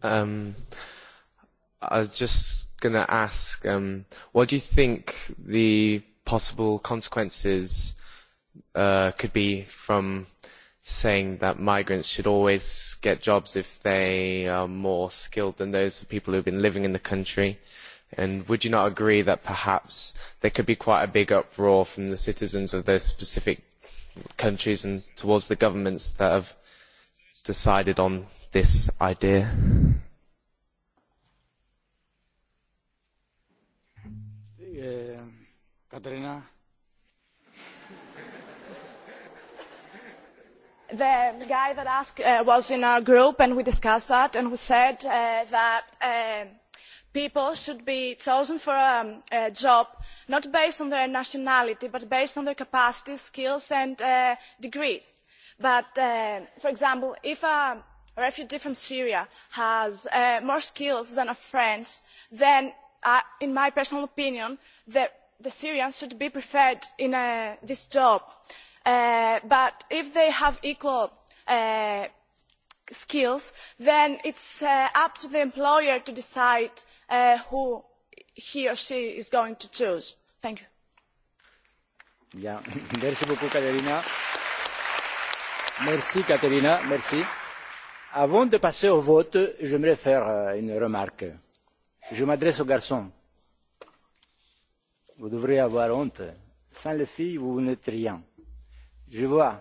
Um, I was just going to ask, um, what do you think the possible consequences uh, could be from saying that migrants should always get jobs if they are more skilled than those of people who've been living in the country? And would you not agree that perhaps there could be quite a big uproar from the citizens of those specific countries and towards the governments that have decided on this idea? Katarina. the guy that asked uh, was in our group and we discussed that and we said uh, that uh, people should be chosen for um, a job not based on their nationality but based on their capacities, skills and uh, degrees. But uh, for example, if a refugee from Syria has uh, more skills than a French, then uh, in my personal opinion, the the syrians should be preferred in uh, this job uh, but if they have equal uh, skills then it's uh, up to the employer to decide uh, who he or she is going to choose. Thank you. Bien. Merci beaucoup, Katerina. Merci, Katerina. Merci. Avant de passer au vote, j'aimerais faire euh, une remarque. Je m'adresse aux garçons Vous devrez avoir honte. Sans les filles, vous n'êtes rien. Je vois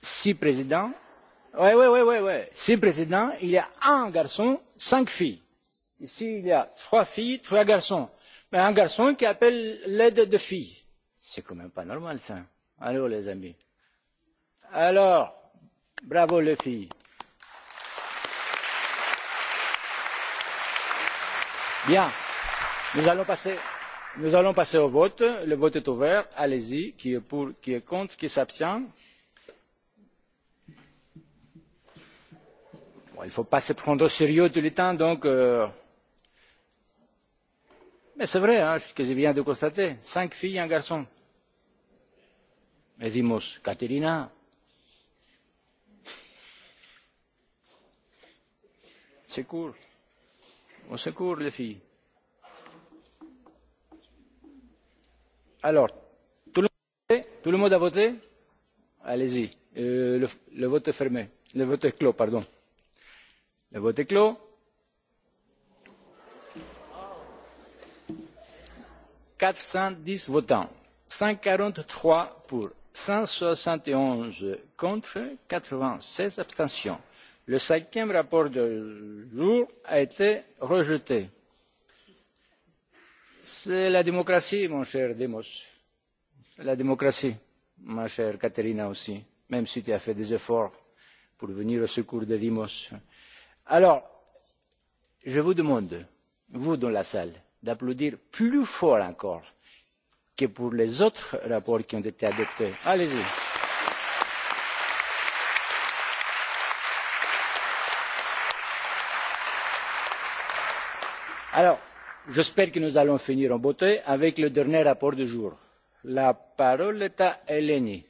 six présidents. Ouais, ouais, ouais, ouais, ouais. Six présidents, il y a un garçon, cinq filles. Ici, il y a trois filles, trois garçons. Mais un garçon qui appelle l'aide de filles. C'est quand même pas normal, ça. Alors, les amis. Alors, bravo les filles. Bien. Nous allons passer, nous allons passer au vote. Le vote est ouvert. Allez-y. Qui est pour, qui est contre, qui s'abstient bon, Il ne faut pas se prendre au sérieux tout le temps, donc. Euh... Mais c'est vrai, hein, ce que je viens de constater. Cinq filles et un garçon. Mais dimos, Caterina. Secours. Au secours, les filles. Alors, tout le monde, tout le monde a voté Allez-y. Euh, le, le vote est fermé. Le vote est clos, pardon. Le vote est clos. 410 votants, 143 pour, 171 contre, 96 abstentions. Le cinquième rapport de jour a été rejeté C'est la démocratie, mon cher Demos. La démocratie, ma chère Katerina aussi, même si tu as fait des efforts pour venir au secours de Demos. Alors, je vous demande, vous dans la salle, d'applaudir plus fort encore que pour les autres rapports qui ont été adoptés. Allez-y. Alors, j'espère que nous allons finir en beauté avec le dernier rapport du jour. la parole est à eleni.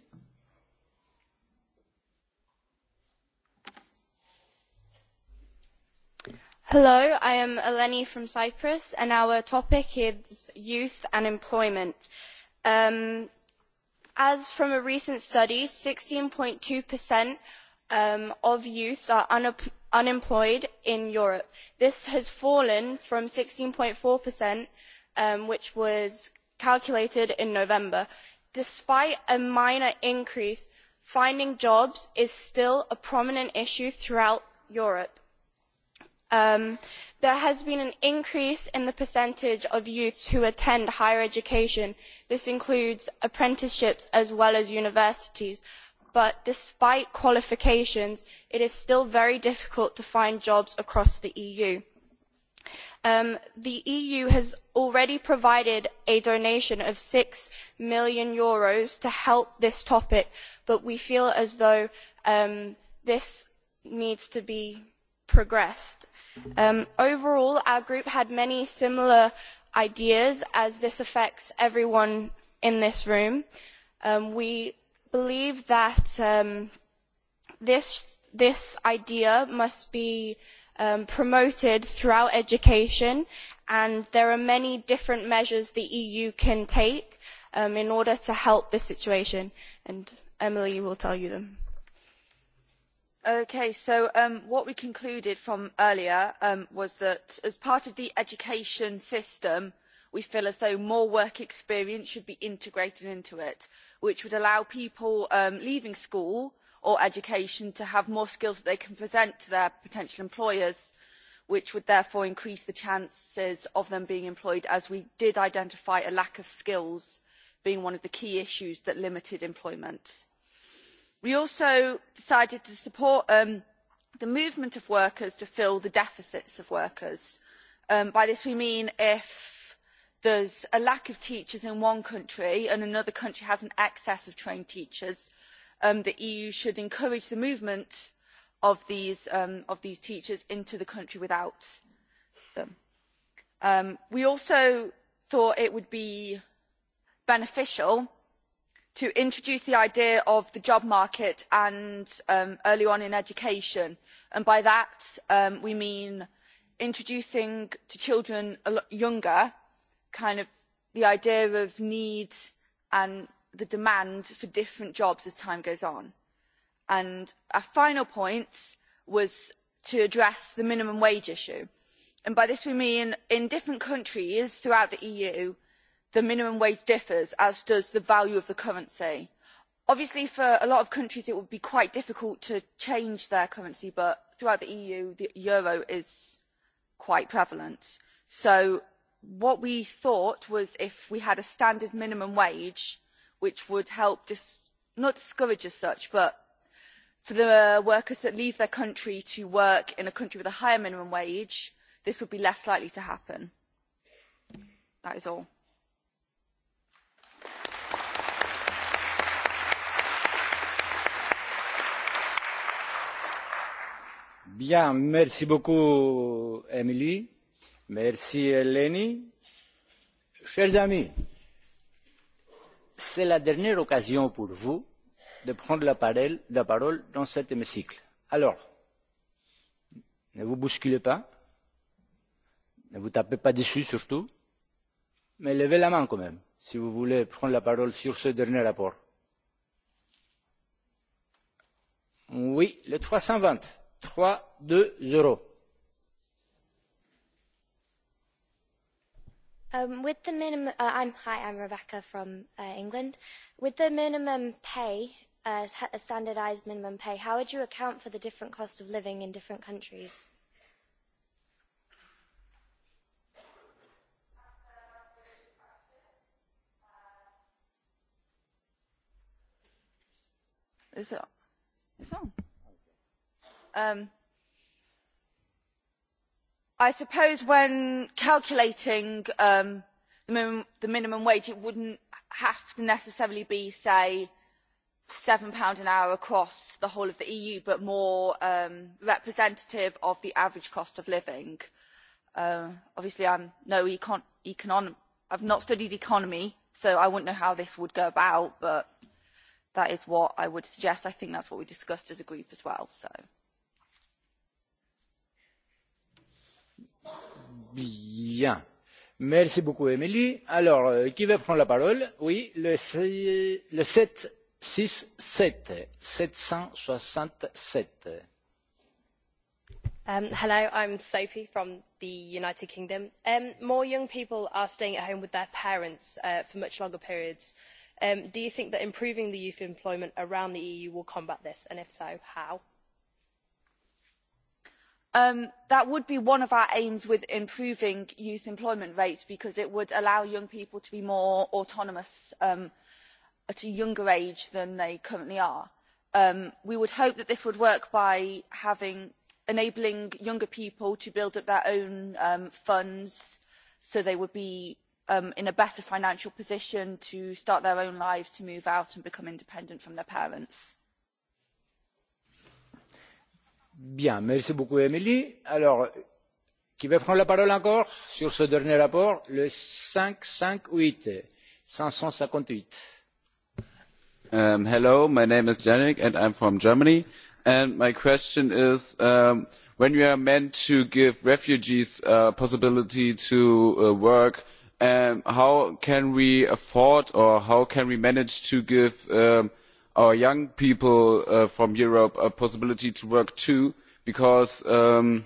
Hello, I am Eleni from Cyprus, and our topic is youth and employment. Um, as from a recent study, 16.2% um, of youths are unemployed unemployed in Europe. This has fallen from 16.4%, um, which was calculated in November. Despite a minor increase, finding jobs is still a prominent issue throughout Europe. Um, there has been an increase in the percentage of youths who attend higher education. This includes apprenticeships as well as universities but despite qualifications it is still very difficult to find jobs across the eu. Um, the eu has already provided a donation of eur six million Euros to help this topic but we feel as though um, this needs to be progressed. Um, overall our group had many similar ideas as this affects everyone in this room. Um, we believe that um, this this idea must be um, promoted throughout education, and there are many different measures the EU can take um, in order to help this situation. And Emily will tell you them. Okay, so um, what we concluded from earlier um, was that as part of the education system, we feel as though more work experience should be integrated into it which would allow people um, leaving school or education to have more skills that they can present to their potential employers which would therefore increase the chances of them being employed as we did identify a lack of skills being one of the key issues that limited employment. We also decided to support um, the movement of workers to fill the deficits of workers. Um, by this we mean if there is a lack of teachers in one country and another country has an excess of trained teachers um, the eu should encourage the movement of these, um, of these teachers into the country without them. Um, we also thought it would be beneficial to introduce the idea of the job market and um, early on in education and by that um, we mean introducing to children younger kind of the idea of need and the demand for different jobs as time goes on. And our final point was to address the minimum wage issue. And by this we mean in different countries throughout the EU, the minimum wage differs, as does the value of the currency. Obviously, for a lot of countries, it would be quite difficult to change their currency, but throughout the EU, the euro is quite prevalent. So what we thought was if we had a standard minimum wage which would help dis not discourage as such but for the workers that leave their country to work in a country with a higher minimum wage this would be less likely to happen. that is all. Bien, merci beaucoup, Émilie Merci Eleni. Chers amis, c'est la dernière occasion pour vous de prendre la parole, la parole dans cet hémicycle. Alors, ne vous bousculez pas, ne vous tapez pas dessus surtout, mais levez la main quand même si vous voulez prendre la parole sur ce dernier rapport. Oui, le 320, 3, 2, 0. Um, with the minimum, uh, I'm hi, I'm Rebecca from uh, England. With the minimum pay, uh, a standardised minimum pay, how would you account for the different cost of living in different countries? Is it, it's on. Um, i suppose when calculating um, the, minimum, the minimum wage it wouldn't have to necessarily be say seven pound an hour across the whole of the eu but more um, representative of the average cost of living. Uh, obviously i'm no econ, econ i've not studied economy so i wouldn't know how this would go about but that is what i would suggest i think that's what we discussed as a group as well so bien. Merci beaucoup, Émilie. Alors, euh, qui veut prendre la parole Oui, le, c... le 767. 767. Um, hello, I'm Sophie from the United Kingdom. Um, more young people are staying at home with their parents uh, for much longer periods. Um, do you think that improving the youth employment around the EU will combat this, and if so, how? Um, that would be one of our aims with improving youth employment rates because it would allow young people to be more autonomous um, at a younger age than they currently are. Um, we would hope that this would work by having, enabling younger people to build up their own um, funds so they would be um, in a better financial position to start their own lives, to move out and become independent from their parents Bien, merci beaucoup, Émilie. Alors, qui veut prendre la parole encore sur ce dernier rapport, le 558, 558? Um, hello, my name is Janik and I'm from Germany. And my question is, um, when we are meant to give refugees a uh, possibility to uh, work, um, how can we afford or how can we manage to give um, uh, our young people uh, from Europe a possibility to work too, because um,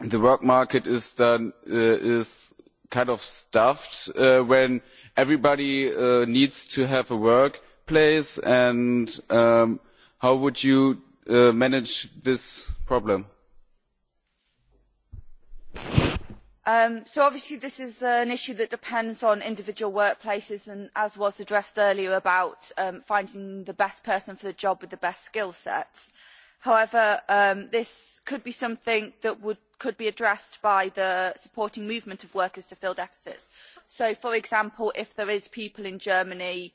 the work market is done uh, is kind of stuffed uh, when everybody uh, needs to have a workplace. And um, how would you uh, manage this problem? Um, so obviously this is an issue that depends on individual workplaces and as was addressed earlier about um, finding the best person for the job with the best skill set. However, um, this could be something that would, could be addressed by the supporting movement of workers to fill deficits. So for example, if there is people in Germany,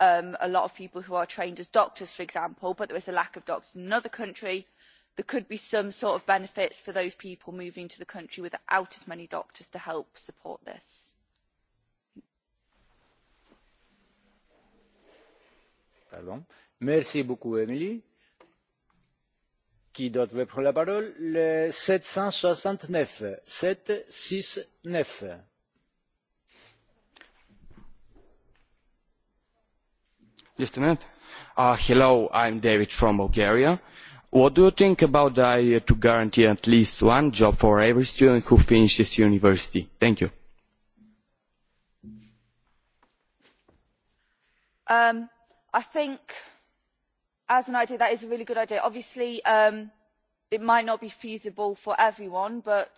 um, a lot of people who are trained as doctors, for example, but there is a lack of doctors in another country, there could be some sort of benefits for those people moving to the country without as many doctors to help support this. Pardon. Merci beaucoup, Emily. Qui d'autre veut prendre la parole Le 769. 769. Just a minute. Uh, hello, I'm David from Bulgaria What do you think about the idea to guarantee at least one job for every student who finishes university? Thank you. Um, I think, as an idea, that is a really good idea. Obviously, um, it might not be feasible for everyone, but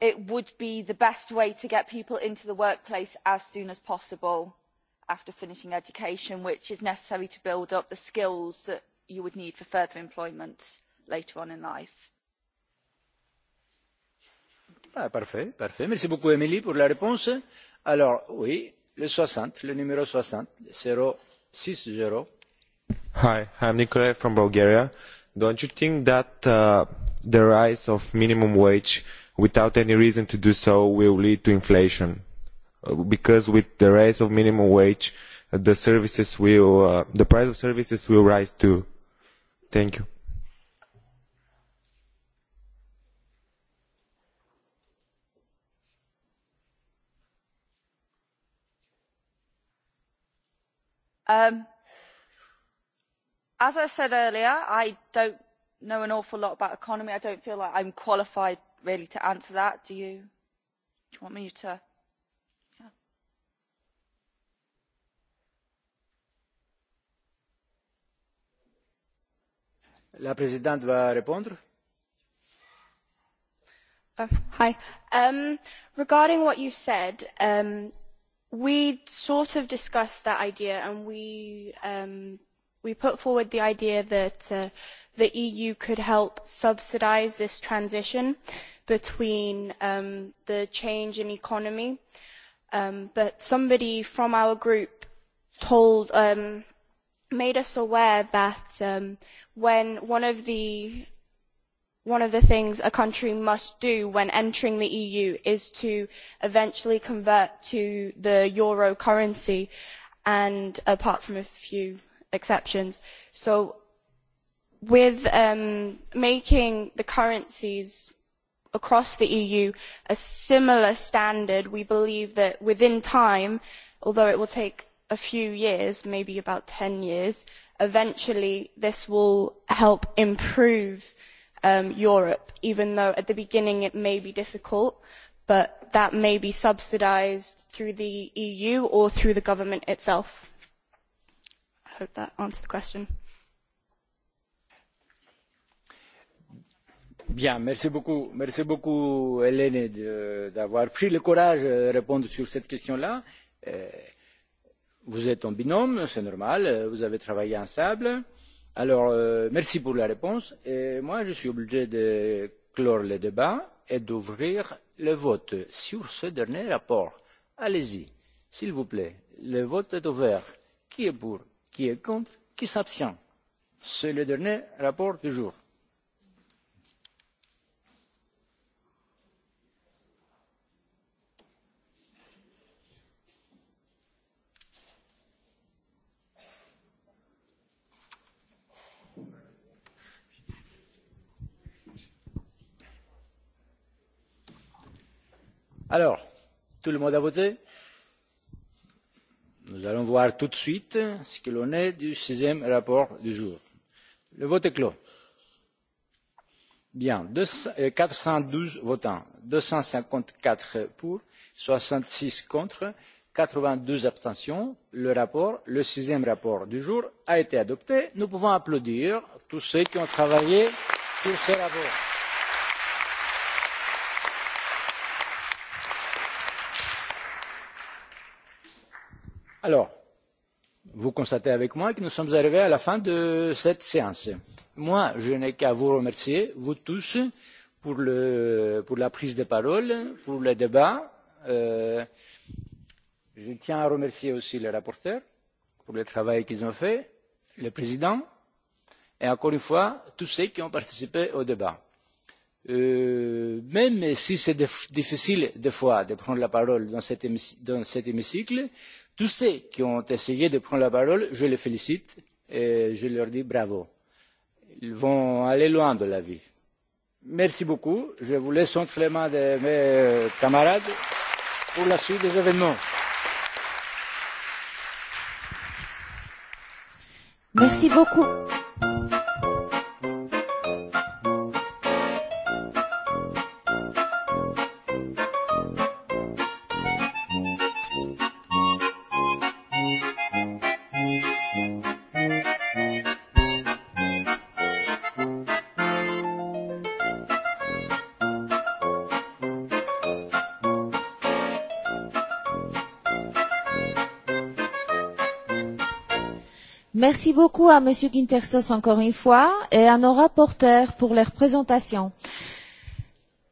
it would be the best way to get people into the workplace as soon as possible after finishing education, which is necessary to build up the skills that you would need for further employment later on in life. Ah, parfait, parfait. Merci beaucoup, Émilie, pour la réponse. Alors, oui, le 60, le numéro 60, 060. Hi, I'm Nicolae from Bulgaria. Don't you think that uh, the rise of minimum wage without any reason to do so will lead to inflation? Uh, because with the rise of minimum wage, the services will, uh, the price of services will rise too Thank you. Um, as i said earlier i do not know an awful lot about economy. i do not feel like i am qualified really to answer that. do you? do you want me to? La présidente va répondre. Oh, hi. Um, regarding what you said, um, we sort of discussed that idea and we, um, we put forward the idea that uh, the EU could help subsidize this transition between um, the change in economy. Um, but somebody from our group told, um, made us aware that um, when one of the one of the things a country must do when entering the EU is to eventually convert to the euro currency, and apart from a few exceptions. So, with um, making the currencies across the EU a similar standard, we believe that within time, although it will take a few years, maybe about 10 years, eventually this will help improve um, Europe, even though at the beginning it may be difficult, but that may be subsidized through the EU or through the government itself. I hope that answered the question. Bien, merci beaucoup, merci beaucoup Hélène d'avoir pris le courage euh, de répondre sur cette question-là. Euh, Vous êtes en binôme, c'est normal, vous avez travaillé ensemble. Alors, euh, merci pour la réponse. Et moi, je suis obligé de clore le débat et d'ouvrir le vote sur ce dernier rapport. Allez-y, s'il vous plaît. Le vote est ouvert. Qui est pour Qui est contre Qui s'abstient C'est le dernier rapport du jour. Alors, tout le monde a voté Nous allons voir tout de suite ce que l'on est du sixième rapport du jour. Le vote est clos. Bien, 412 euh, votants, 254 pour, 66 contre, 82 abstentions. Le rapport, le sixième rapport du jour, a été adopté. Nous pouvons applaudir tous ceux qui ont travaillé sur ce rapport. Alors, vous constatez avec moi que nous sommes arrivés à la fin de cette séance. Moi, je n'ai qu'à vous remercier, vous tous, pour, le, pour la prise de parole, pour le débat. Euh, je tiens à remercier aussi les rapporteurs pour le travail qu'ils ont fait, le président et encore une fois tous ceux qui ont participé au débat Euh, même si c'est difficile des fois de prendre la parole dans cet, dans cet hémicycle, tous ceux qui ont essayé de prendre la parole, je les félicite et je leur dis bravo. Ils vont aller loin dans la vie. Merci beaucoup. Je vous laisse entre les mains de mes euh, camarades pour la suite des événements. Merci beaucoup. Merci beaucoup à Monsieur Guintersos encore une fois et à nos rapporteurs pour leur présentation.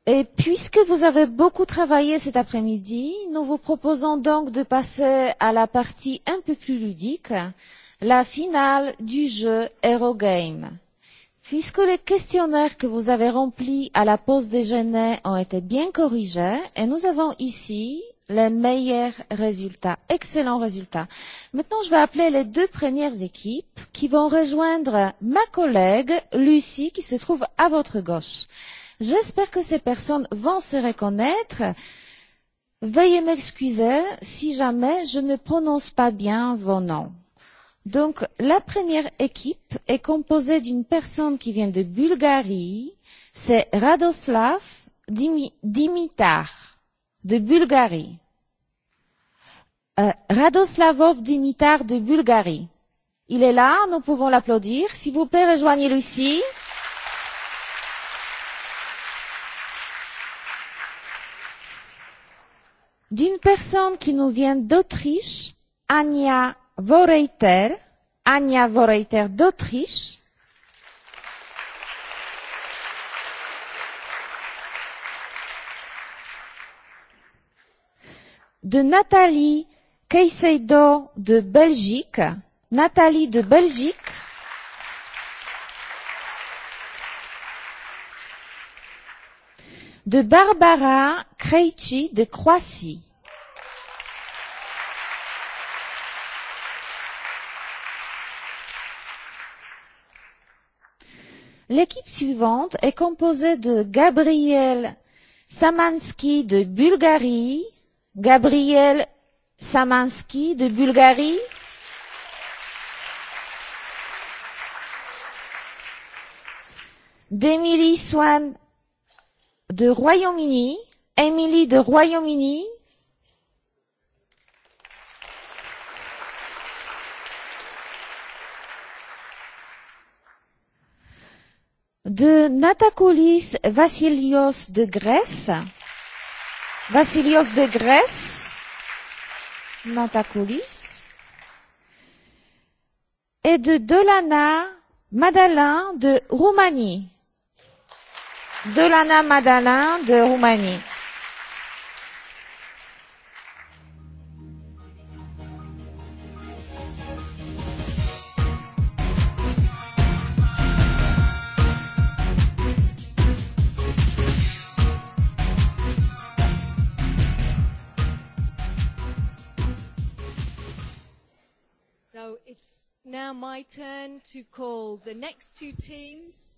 Et puisque vous avez beaucoup travaillé cet après-midi, nous vous proposons donc de passer à la partie un peu plus ludique, la finale du jeu Eurogame. Puisque les questionnaires que vous avez remplis à la pause déjeuner ont été bien corrigés, et nous avons ici les meilleurs résultats, excellents résultats. Maintenant, je vais appeler les deux premières équipes qui vont rejoindre ma collègue Lucie qui se trouve à votre gauche. J'espère que ces personnes vont se reconnaître. Veuillez m'excuser si jamais je ne prononce pas bien vos noms. Donc, la première équipe est composée d'une personne qui vient de Bulgarie, c'est Radoslav Dimitar de Bulgarie, euh, Radoslavov Dimitar de Bulgarie. Il est là, nous pouvons l'applaudir. S'il vous plaît, rejoignez Lucie. D'une personne qui nous vient d'Autriche, Anja Voreiter, Anja Voreiter d'Autriche, de Nathalie Caicedo de Belgique. Nathalie de Belgique. De Barbara Krejci de Croatie. L'équipe suivante est composée de Gabriel Samanski de Bulgarie, Gabriel Samansky de Bulgarie. d'Emily Swan de Royaume-Uni, Emily de Royaume-Uni, de Natakoulis Vassilios de Grèce, Vassilios de Grèce, Nantakoulis, et de Delana Madalin de Roumanie. Delana Madalin de Roumanie. Now my turn to call the next two teams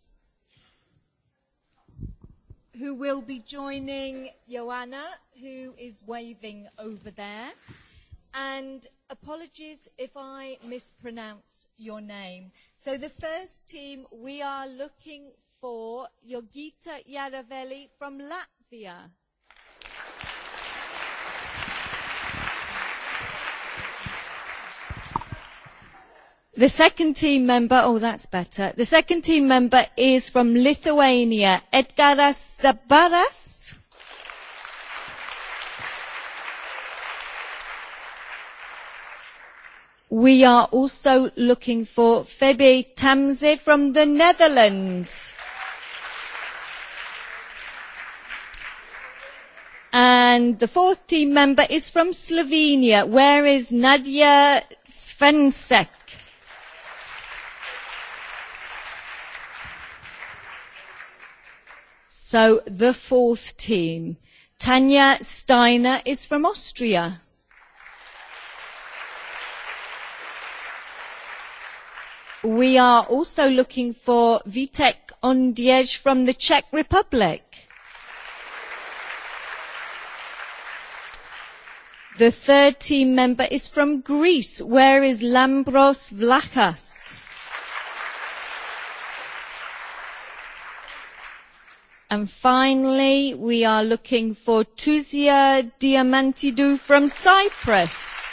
who will be joining Joanna, who is waving over there. And apologies if I mispronounce your name. So the first team, we are looking for Yogita Yaravelli from Latvia. The second team member, oh, that's better. The second team member is from Lithuania, Edgaras Zabaras. We are also looking for Febe Tamsi from the Netherlands. And the fourth team member is from Slovenia. Where is Nadia Svensek? So the fourth team. Tanja Steiner is from Austria. We are also looking for Vitek Ondiej from the Czech Republic. The third team member is from Greece. Where is Lambros Vlachas? And finally, we are looking for Tuzia Diamantidou from Cyprus.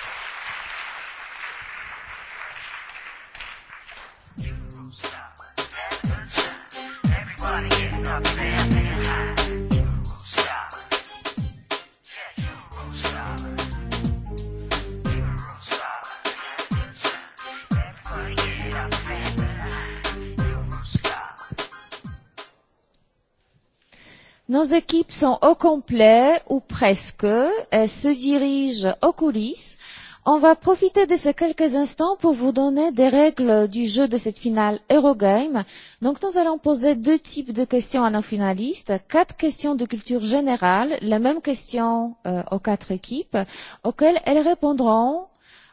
Nos équipes sont au complet, ou presque, et se dirigent aux coulisses. On va profiter de ces quelques instants pour vous donner des règles du jeu de cette finale Eurogame. Donc nous allons poser deux types de questions à nos finalistes. Quatre questions de culture générale, les mêmes questions euh, aux quatre équipes, auxquelles elles répondront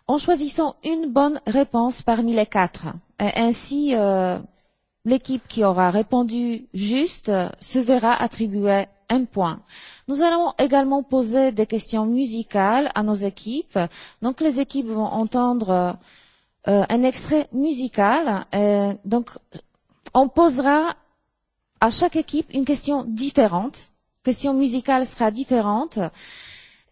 en choisissant une bonne réponse parmi les quatre. Et ainsi, euh, L'équipe qui aura répondu juste se verra attribuer un point. Nous allons également poser des questions musicales à nos équipes. Donc les équipes vont entendre euh, un extrait musical. Et donc on posera à chaque équipe une question différente. Question musicale sera différente.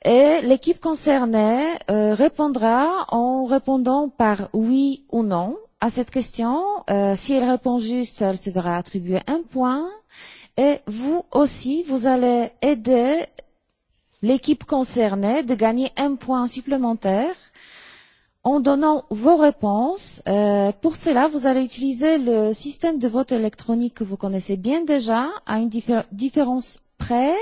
Et l'équipe concernée euh, répondra en répondant par oui ou non à cette question. Euh, si elle répond juste, elle se verra attribuer un point. Et vous aussi, vous allez aider l'équipe concernée de gagner un point supplémentaire en donnant vos réponses. Euh, pour cela, vous allez utiliser le système de vote électronique que vous connaissez bien déjà, à une diffé différence près.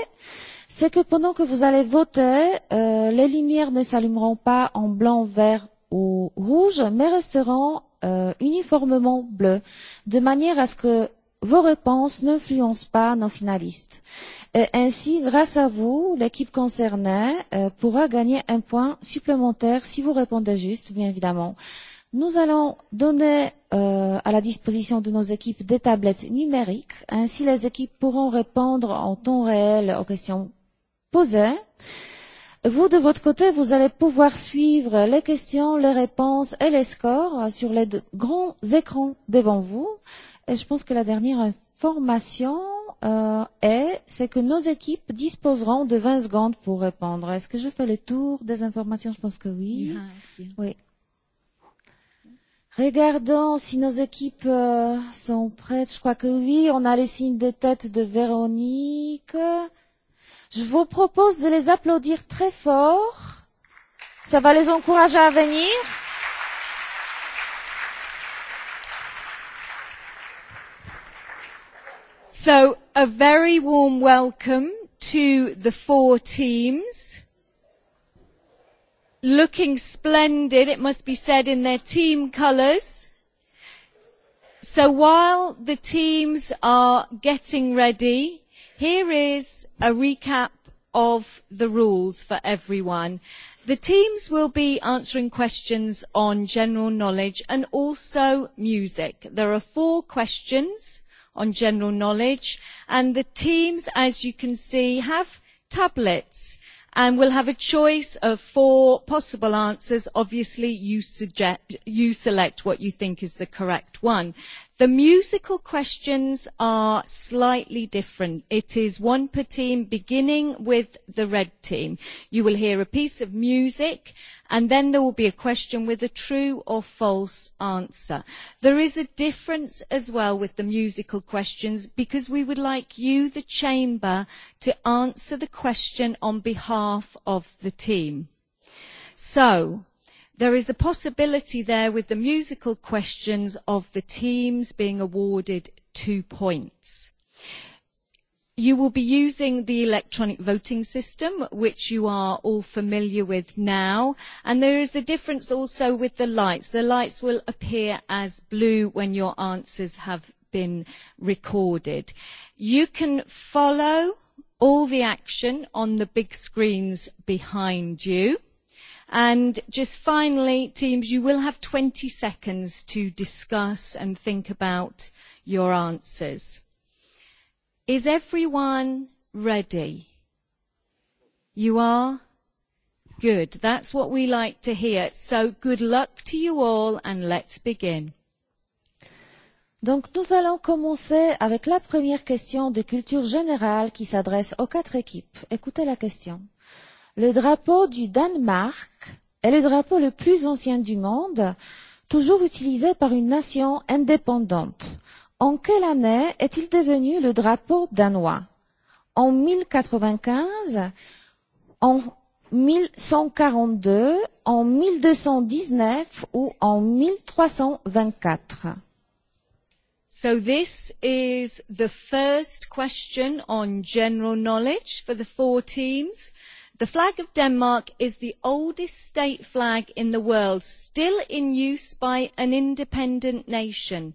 C'est que pendant que vous allez voter, euh, les lumières ne s'allumeront pas en blanc, vert ou rouge, mais resteront euh, uniformément bleu, de manière à ce que vos réponses n'influencent pas nos finalistes. Et ainsi, grâce à vous, l'équipe concernée euh, pourra gagner un point supplémentaire si vous répondez juste, bien évidemment. Nous allons donner euh, à la disposition de nos équipes des tablettes numériques. Ainsi, les équipes pourront répondre en temps réel aux questions posées. Euh, Vous, de votre côté, vous allez pouvoir suivre les questions, les réponses et les scores sur les grands écrans devant vous. Et je pense que la dernière information euh, est, c'est que nos équipes disposeront de 20 secondes pour répondre. Est-ce que je fais le tour des informations Je pense que oui. Oui. Regardons si nos équipes euh, sont prêtes. Je crois que oui. On a les signes de tête de Véronique. Euh, Je vous propose de les applaudir très fort. Ça va les encourager à venir. So, a very warm welcome to the four teams. Looking splendid, it must be said, in their team colours. So while the teams are getting ready, Here is a recap of the rules for everyone. The teams will be answering questions on general knowledge and also music. There are four questions on general knowledge and the teams, as you can see, have tablets and will have a choice of four possible answers. Obviously, you, suggest, you select what you think is the correct one. The musical questions are slightly different. It is one per team, beginning with the red team. You will hear a piece of music, and then there will be a question with a true or false answer. There is a difference as well with the musical questions because we would like you, the chamber, to answer the question on behalf of the team. So, There is a possibility there with the musical questions of the teams being awarded two points. You will be using the electronic voting system, which you are all familiar with now. And there is a difference also with the lights. The lights will appear as blue when your answers have been recorded. You can follow all the action on the big screens behind you. And just finally, teams, you will have 20 seconds to discuss and think about your answers. Is everyone ready? You are? Good. That's what we like to hear. So good luck to you all and let's begin. Donc nous allons commencer avec la première question de culture générale qui s'adresse aux quatre équipes. Écoutez la question. Le drapeau du Danemark est le drapeau le plus ancien du monde, toujours utilisé par une nation indépendante. En quelle année est-il devenu le drapeau danois En 1095, en 1142, en 1219 ou en 1324 So this is the first question on general knowledge for the four teams. The flag of Denmark is the oldest state flag in the world, still in use by an independent nation.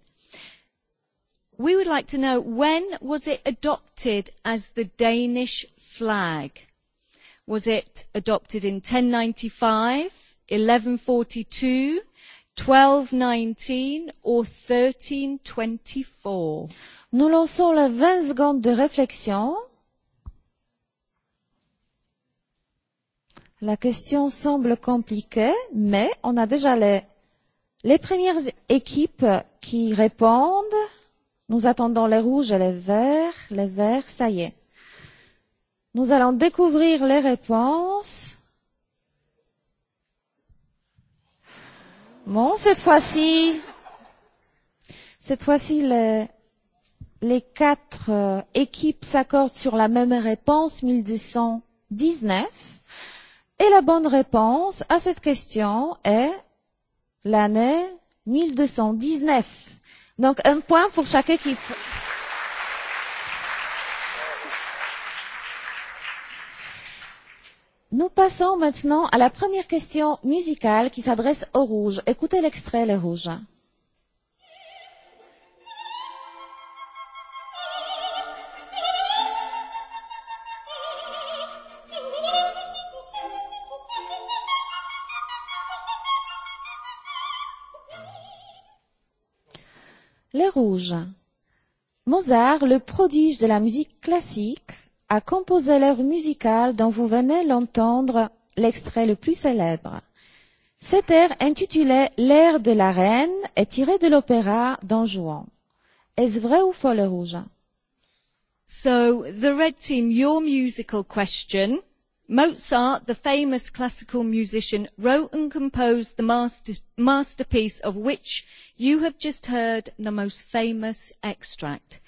We would like to know when was it adopted as the Danish flag? Was it adopted in 1095, 1142, 1219 or 1324? Nous lançons la 20 secondes de réflexion. La question semble compliquée, mais on a déjà les, les premières équipes qui répondent. Nous attendons les rouges et les verts. Les verts, ça y est. Nous allons découvrir les réponses. Bon, cette fois-ci, cette fois-ci, les, les quatre euh, équipes s'accordent sur la même réponse, 1219. Et la bonne réponse à cette question est l'année 1219. Donc un point pour chaque équipe. Nous passons maintenant à la première question musicale qui s'adresse aux rouges. Écoutez l'extrait, les rouges. Les Rouges. Mozart, le prodige de la musique classique, a composé l'heure musicale dont vous venez d'entendre l'extrait le plus célèbre. Cet air intitulé L'air de la reine est tiré de l'opéra Don Juan. Est-ce vrai ou faux, les Rouges? So, the red team, your musical question Mozart, the famous classical musician, wrote and composed the master- masterpiece of which you have just heard the most famous extract.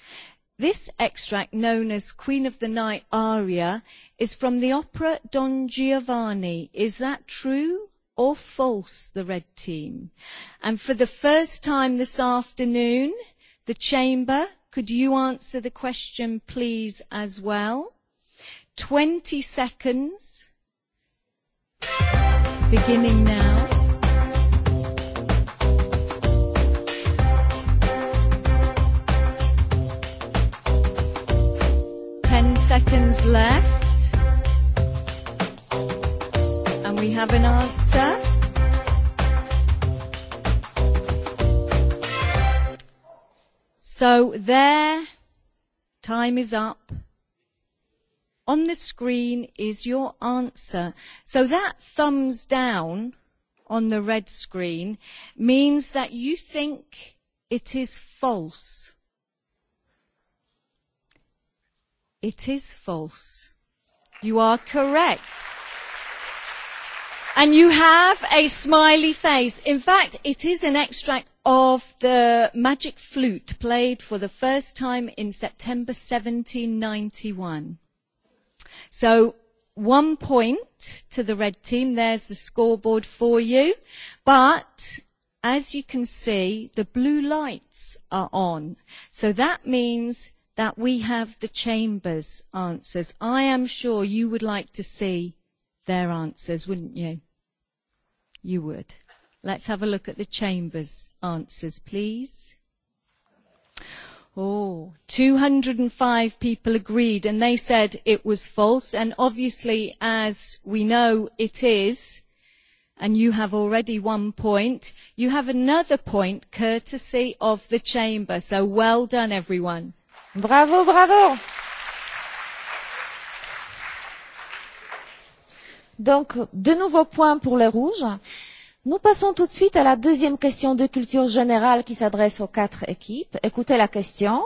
This extract, known as Queen of the Night aria, is from the opera Don Giovanni. Is that true or false, the red team? And for the first time this afternoon, the chamber, could you answer the question please as well? 20 seconds. Beginning now. Ten seconds left. And we have an answer. So there, time is up on the screen is your answer. So that thumbs down on the red screen means that you think it is false. It is false. You are correct. And you have a smiley face. In fact, it is an extract of the magic flute played for the first time in September 1791. So one point to the red team. There's the scoreboard for you. But as you can see, the blue lights are on. So that means that we have the chamber's answers. I am sure you would like to see their answers, wouldn't you? You would. Let's have a look at the chamber's answers, please. Oh, 205 people agreed and they said it was false. And obviously, as we know, it is. And you have already one point. You have another point courtesy of the chamber. So well done, everyone. Bravo, bravo. Donc, de nouveaux points pour les rouges. Nous passons tout de suite à la deuxième question de culture générale qui s'adresse aux quatre équipes. Écoutez la question.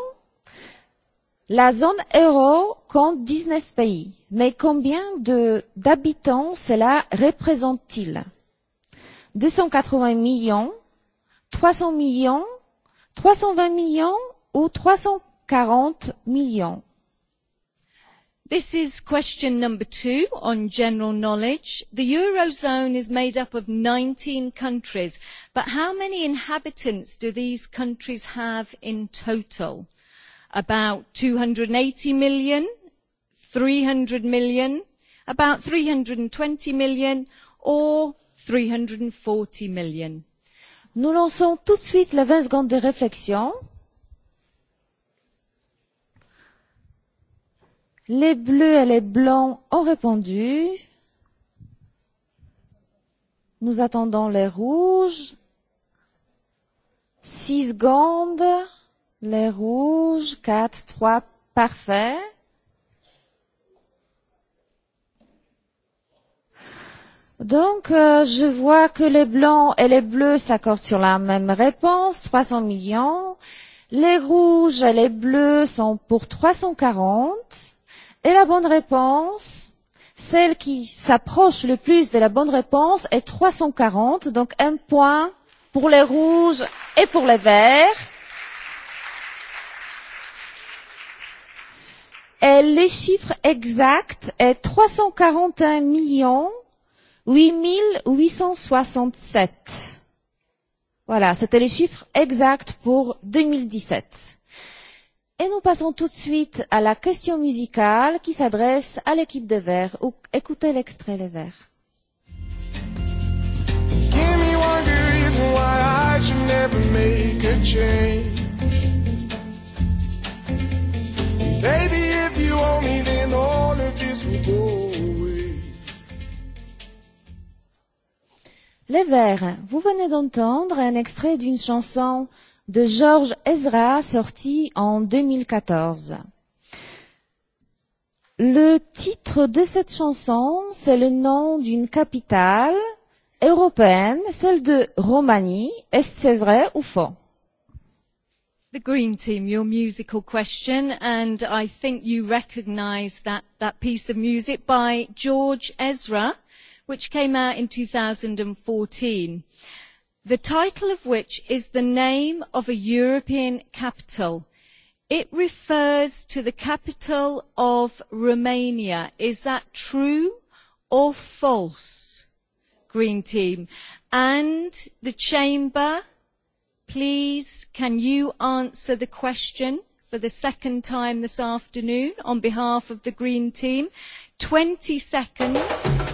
La zone euro compte 19 pays, mais combien d'habitants cela représente-t-il 280 millions, 300 millions, 320 millions ou 340 millions This is question number two on general knowledge. The Eurozone is made up of 19 countries, but how many inhabitants do these countries have in total? About 280 million, 300 million, about 320 million, or 340 million? Nous lançons tout de suite les 20 secondes de réflexion Les bleus et les blancs ont répondu. Nous attendons les rouges. Six secondes. Les rouges. Quatre, trois, parfait. Donc, euh, je vois que les blancs et les bleus s'accordent sur la même réponse, 300 millions. Les rouges et les bleus sont pour 340. Et la bonne réponse, celle qui s'approche le plus de la bonne réponse est 340, donc un point pour les rouges et pour les verts. Et les chiffres exacts est 341 millions 8867. Voilà, c'était les chiffres exacts pour 2017. Et nous passons tout de suite à la question musicale qui s'adresse à l'équipe des Verts. Écoutez l'extrait Les Verts. Give me one good reason why I should never make a change. Baby, if you owe me, then all of this will go away. Les Verts, vous venez d'entendre un extrait d'une chanson de Georges Ezra sorti en 2014. Le titre de cette chanson, c'est le nom d'une capitale européenne, celle de Roumanie. Est-ce c'est vrai ou faux? The Green Team, your musical question, and I think you recognise that, that piece of music by George Ezra, which came out in 2014 the title of which is the name of a European capital. It refers to the capital of Romania. Is that true or false, Green Team? And the Chamber, please, can you answer the question for the second time this afternoon on behalf of the Green Team? 20 seconds.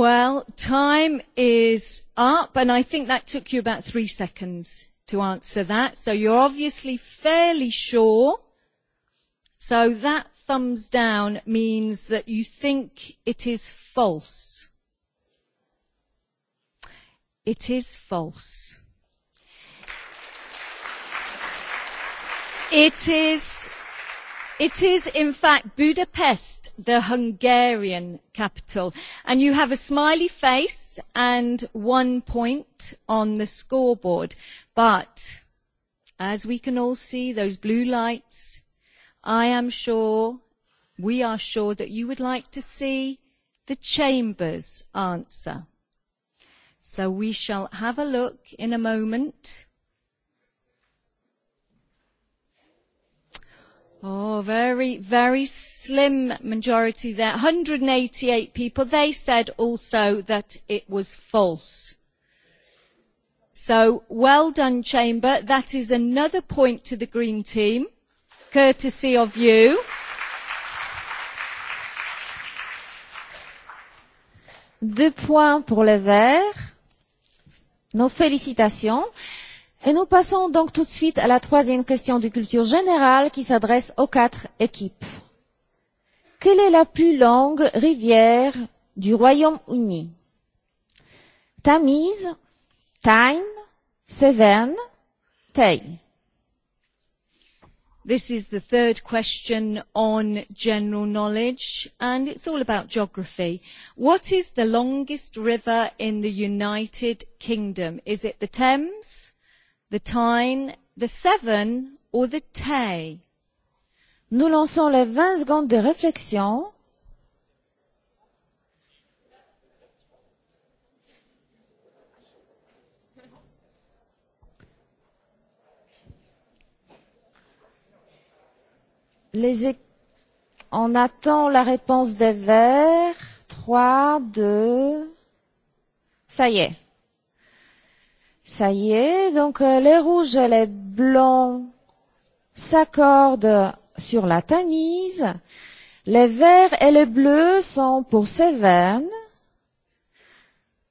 Well, time is up, and I think that took you about three seconds to answer that. So you're obviously fairly sure. So that thumbs down means that you think it is false. It is false. It is It is, in fact, Budapest, the Hungarian capital. And you have a smiley face and one point on the scoreboard. But as we can all see, those blue lights, I am sure, we are sure that you would like to see the Chamber's answer. So we shall have a look in a moment Oh, very, very slim majority there. 188 people. They said also that it was false. So well done, Chamber. That is another point to the Green Team, courtesy of you. Deux points pour les Verts. Nos félicitations. Euh, Et nous passons donc tout de suite à la troisième question de culture générale qui s'adresse aux quatre équipes. Quelle est la plus longue rivière du Royaume-Uni Tamise, Tyne, Severn, Tay. This is the third question on general knowledge, and it's all about geography. What is the longest river in the United Kingdom? Is it the Thames? the time, the seven or the tay. Nous lançons les 20 secondes de réflexion. Les On attend la réponse des verts. 3, 2. Ça y est. Ça y est, donc euh, les rouges et les blancs s'accordent sur la Tamise. Les verts et les bleus sont pour Séverne.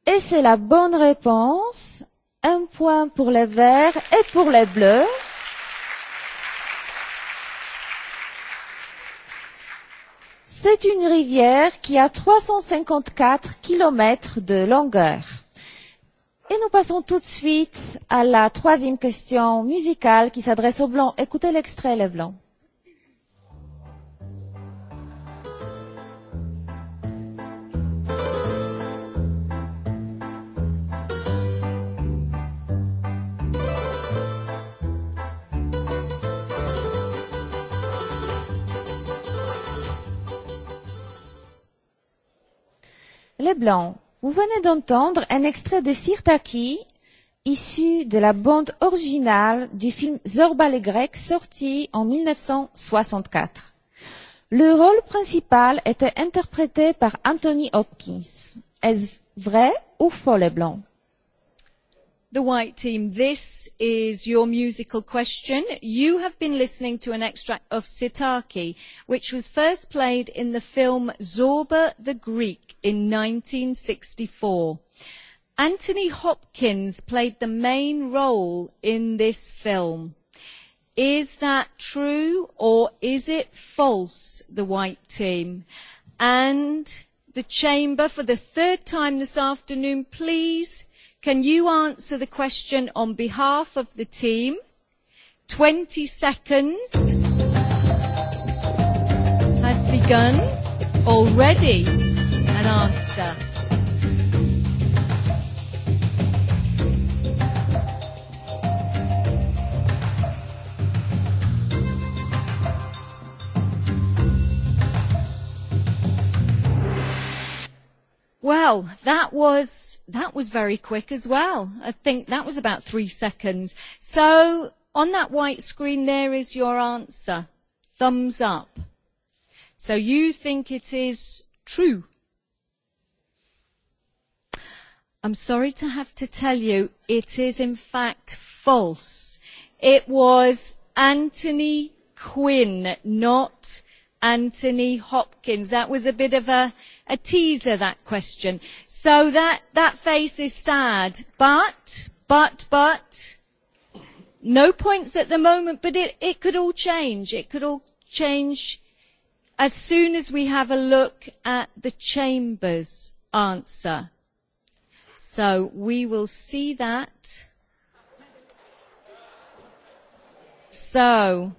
Et c'est la bonne réponse. Un point pour les verts et pour les bleus. C'est une rivière qui a 354 kilomètres de longueur. Et nous passons tout de suite à la troisième question musicale qui s'adresse aux Blancs. Écoutez l'extrait, les Blancs. Les Blancs, Vous venez d'entendre un extrait de Sirtaki, issu de la bande originale du film Zorba le Grec, sorti en 1964. Le rôle principal était interprété par Anthony Hopkins. Est-ce vrai ou faux les blancs the White Team, this is your musical question. You have been listening to an extract of Sitaki, which was first played in the film Zorba the Greek in 1964. Anthony Hopkins played the main role in this film. Is that true or is it false, the White Team? And the Chamber, for the third time this afternoon, please Can you answer the question on behalf of the team? 20 seconds has begun already an answer. Well, that was that was very quick as well. I think that was about three seconds. So on that white screen, there is your answer. Thumbs up. So you think it is true. I'm sorry to have to tell you, it is in fact false. It was Anthony Quinn, not Anthony Hopkins. That was a bit of a, a teaser, that question. So that, that face is sad. But, but, but, no points at the moment, but it, it could all change. It could all change as soon as we have a look at the Chamber's answer. So we will see that. So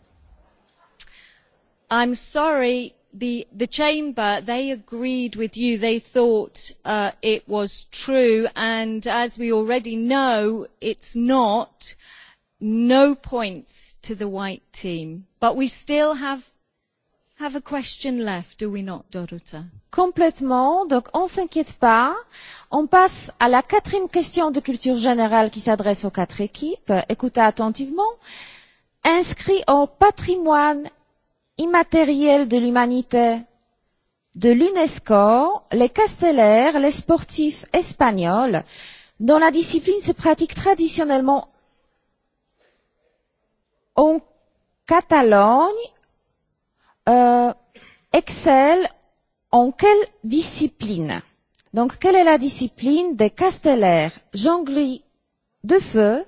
I'm sorry, the, the chamber, they agreed with you. They thought uh, it was true. And as we already know, it's not. No points to the white team. But we still have, have a question left, do we not, Dorota? Complètement. Donc, on ne s'inquiète pas. On passe à la quatrième question de culture générale qui s'adresse aux quatre équipes. Écoutez attentivement. Inscrit au patrimoine immatérielle de l'humanité. De l'UNESCO, les castellaires, les sportifs espagnols, dont la discipline se pratique traditionnellement en Catalogne, euh, excellent en quelle discipline Donc, quelle est la discipline des castellaires Jonglerie de feu,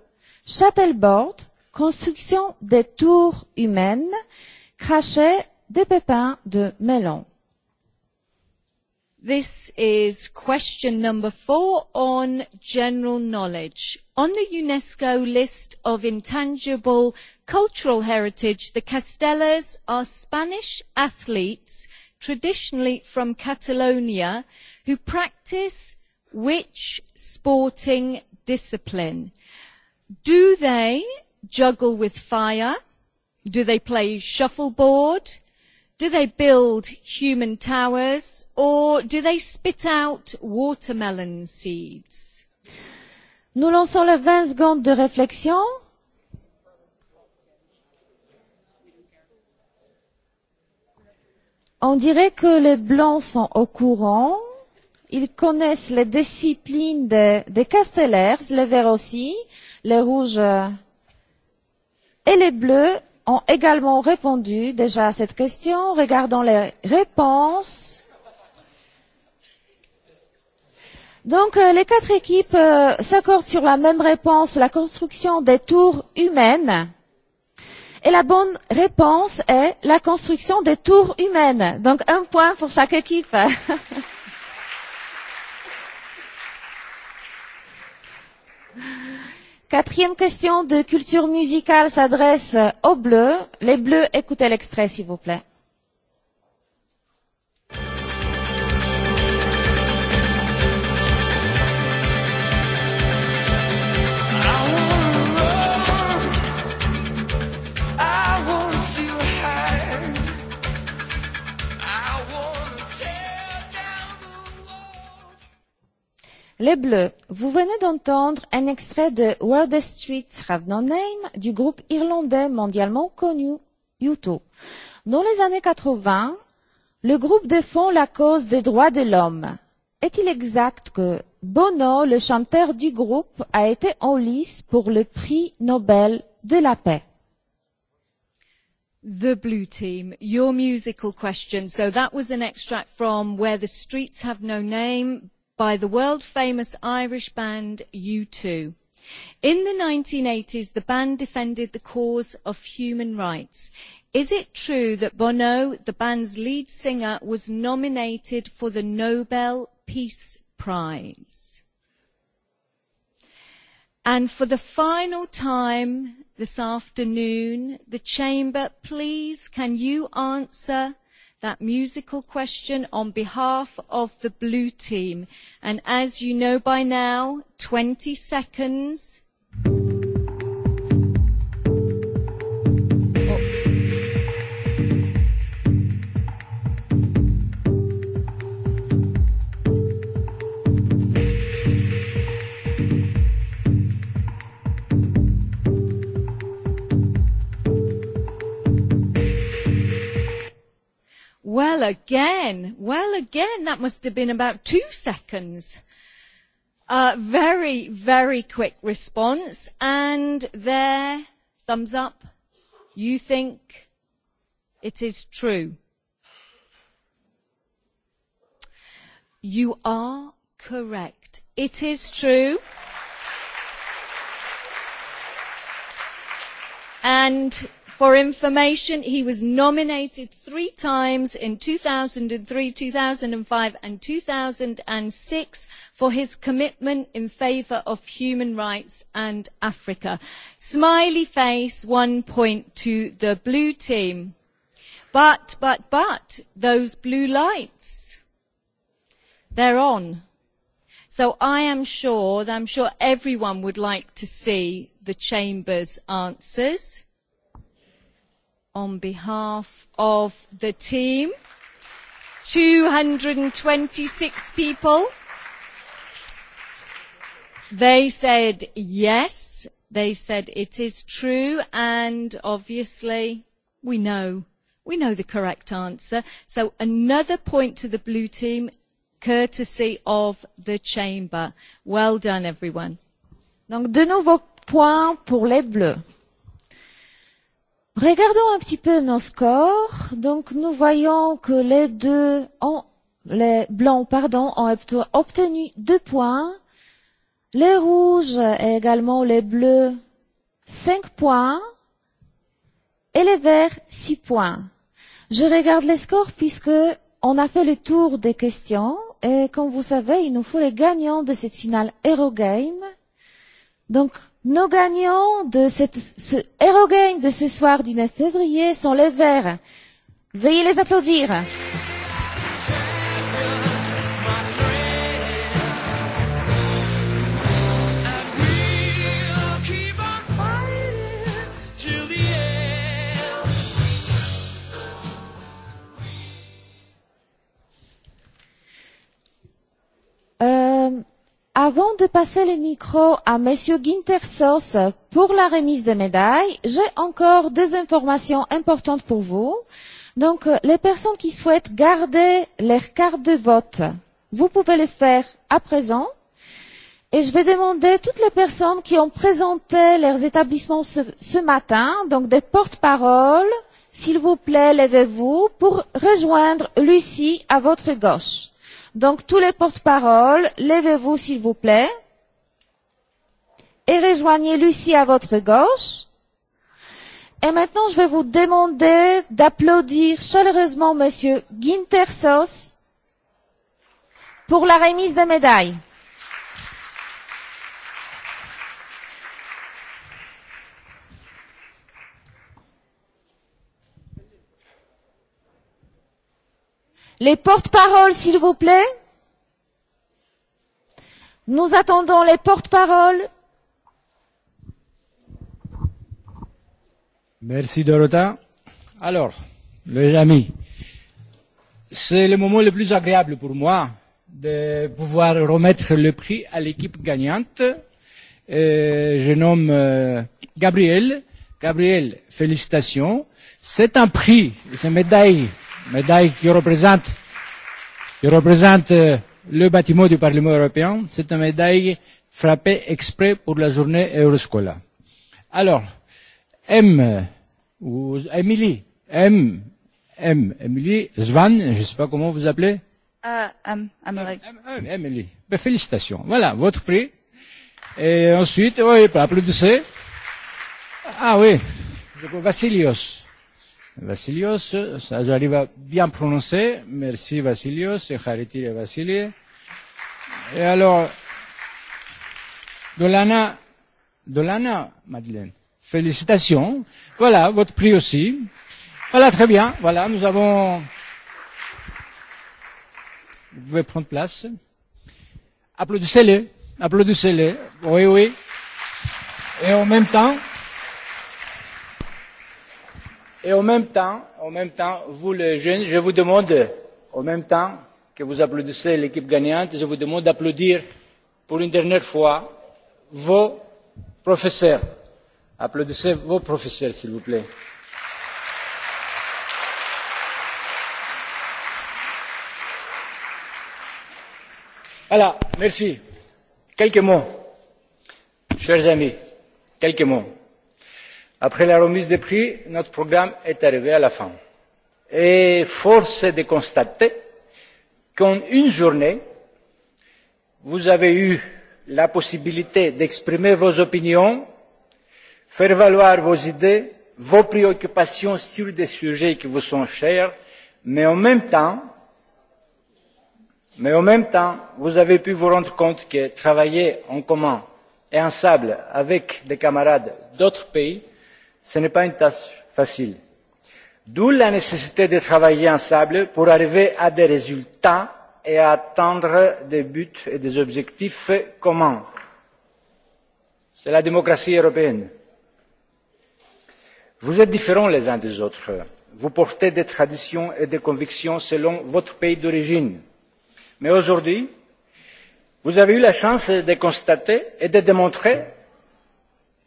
châtelbord, construction des tours humaines, euh, crachait des pépins de melon. This is question number four on general knowledge. On the UNESCO list of intangible cultural heritage, the Castellers are Spanish athletes, traditionally from Catalonia, who practice which sporting discipline? Do they juggle with fire? Do they play shuffleboard? Do they build human towers? Or do they spit out watermelon seeds? Nous lançons les 20 secondes de réflexion. On dirait que les Blancs sont au courant. Ils connaissent les disciplines des de Castellers, les Verts aussi, les Rouges et les Bleus ont également répondu déjà à cette question. Regardons les réponses. Donc euh, les quatre équipes euh, s'accordent sur la même réponse, la construction des tours humaines. Et la bonne réponse est la construction des tours humaines. Donc un point pour chaque équipe. Quatrième question de culture musicale s'adresse aux Bleus. Les Bleus, écoutez l'extrait, s'il vous plaît. Les Bleus, vous venez d'entendre un extrait de Where the Streets Have No Name du groupe irlandais mondialement connu U2. Dans les années 80, le groupe défend la cause des droits de l'homme. Est-il exact que Bono, le chanteur du groupe, a été en lice pour le prix Nobel de la paix? The Blue Team, your musical question. So that was an extract from Where the Streets Have No Name by the world famous Irish band U2. In the 1980s, the band defended the cause of human rights. Is it true that Bono, the band's lead singer, was nominated for the Nobel Peace Prize? And for the final time this afternoon, the Chamber, please can you answer that musical question on behalf of the blue team. And as you know by now, 20 seconds. Well, again, well, again, that must have been about two seconds. Uh, very, very quick response. And there, thumbs up. You think it is true. You are correct. It is true. And For information, he was nominated three times in 2003, 2005 and 2006 for his commitment in favour of human rights and Africa. Smiley face, one point to the blue team. But, but, but, those blue lights, they're on. So I am sure, that I'm sure everyone would like to see the Chamber's answers on behalf of the team. 226 people. They said yes. They said it is true. And obviously, we know. We know the correct answer. So another point to the blue team, courtesy of the chamber. Well done, everyone. Donc, de nouveaux points pour les bleus. Regardons un petit peu nos scores. Donc, nous voyons que les deux ont, les blancs, pardon, ont obtenu deux points. Les rouges et également les bleus, cinq points. Et les verts, six points. Je regarde les scores puisque on a fait le tour des questions. Et comme vous savez, il nous faut les gagnants de cette finale Eurogame. Donc, Nos gagnants de cette, ce Hero Game de ce soir du 9 février sont les Verts. Veuillez les applaudir. Euh, Avant de passer le micro à Monsieur Gintersos pour la remise des médailles, j'ai encore des informations importantes pour vous. Donc, euh, les personnes qui souhaitent garder leur carte de vote, vous pouvez le faire à présent. Et je vais demander à toutes les personnes qui ont présenté leurs établissements ce, ce matin, donc des porte-paroles, s'il vous plaît, levez-vous pour rejoindre Lucie à votre gauche. Donc tous les porte-paroles, levez-vous s'il vous plaît et rejoignez Lucie à votre gauche. Et maintenant, je vais vous demander d'applaudir chaleureusement Monsieur Gintersos pour la remise des médailles. Les porte-paroles, s'il vous plaît. Nous attendons les porte-paroles. Merci Dorota. Alors, les amis, c'est le moment le plus agréable pour moi de pouvoir remettre le prix à l'équipe gagnante. Euh, je nomme euh, Gabriel. Gabriel, félicitations. C'est un prix, c'est une médaille médaille qui représente, qui représente euh, le bâtiment du Parlement européen. C'est une médaille frappée exprès pour la journée Euroscola. Alors, M, ou Emily, M, M, Emily, Svan, je ne sais pas comment vous appelez. Uh, um, Emily. Um, um, Emily. Ben, félicitations. Voilà, votre prix. Et ensuite, oui, applaudissez. Ah oui, Vassilios. Vassilios. Ça, j'arrive à bien prononcer. Merci Vassilios et Hariti et Vassili. Et alors, Dolana, Dolana, Madeleine, félicitations. Voilà, votre prix aussi. Voilà, très bien. Voilà, nous avons... Vous pouvez prendre place. Applaudissez-les. Applaudissez-les. Oui, oui. Et en même temps, Et en même temps, en même temps, vous les jeunes, je vous demande, en même temps que vous applaudissez l'équipe gagnante, je vous demande d'applaudir pour une dernière fois vos professeurs. Applaudissez vos professeurs, s'il vous plaît. Voilà, merci. Quelques mots, chers amis, quelques mots après la remise des prix notre programme est arrivé à la fin et force est de constater qu'en une journée vous avez eu la possibilité d'exprimer vos opinions faire valoir vos idées vos préoccupations sur des sujets qui vous sont chers mais en même temps mais en même temps vous avez pu vous rendre compte que travailler en commun et ensemble avec des camarades d'autres pays ce n'est pas une tâche facile. D'où la nécessité de travailler ensemble pour arriver à des résultats et à atteindre des buts et des objectifs communs. C'est la démocratie européenne. Vous êtes différents les uns des autres. Vous portez des traditions et des convictions selon votre pays d'origine. Mais aujourd'hui, vous avez eu la chance de constater et de démontrer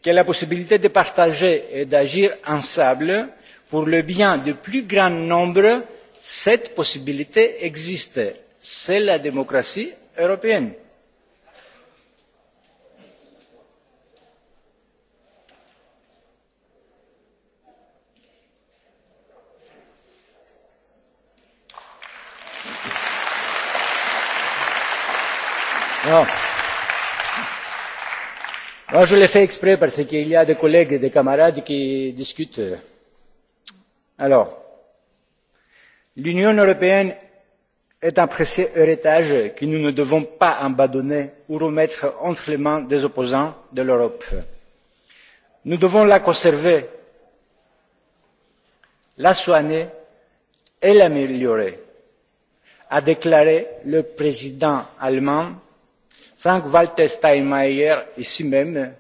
que la possibilité de partager et d'agir ensemble pour le bien du plus grand nombre, cette possibilité existe. C'est la démocratie européenne. Non. Alors, ah, je l'ai fait exprès parce qu'il y a des collègues et des camarades qui discutent. Alors, l'Union européenne est un précieux héritage que nous ne devons pas abandonner ou remettre entre les mains des opposants de l'Europe. Nous devons la conserver, la soigner et l'améliorer, a déclaré le président allemand Frank Walter Steinmeier, ici même,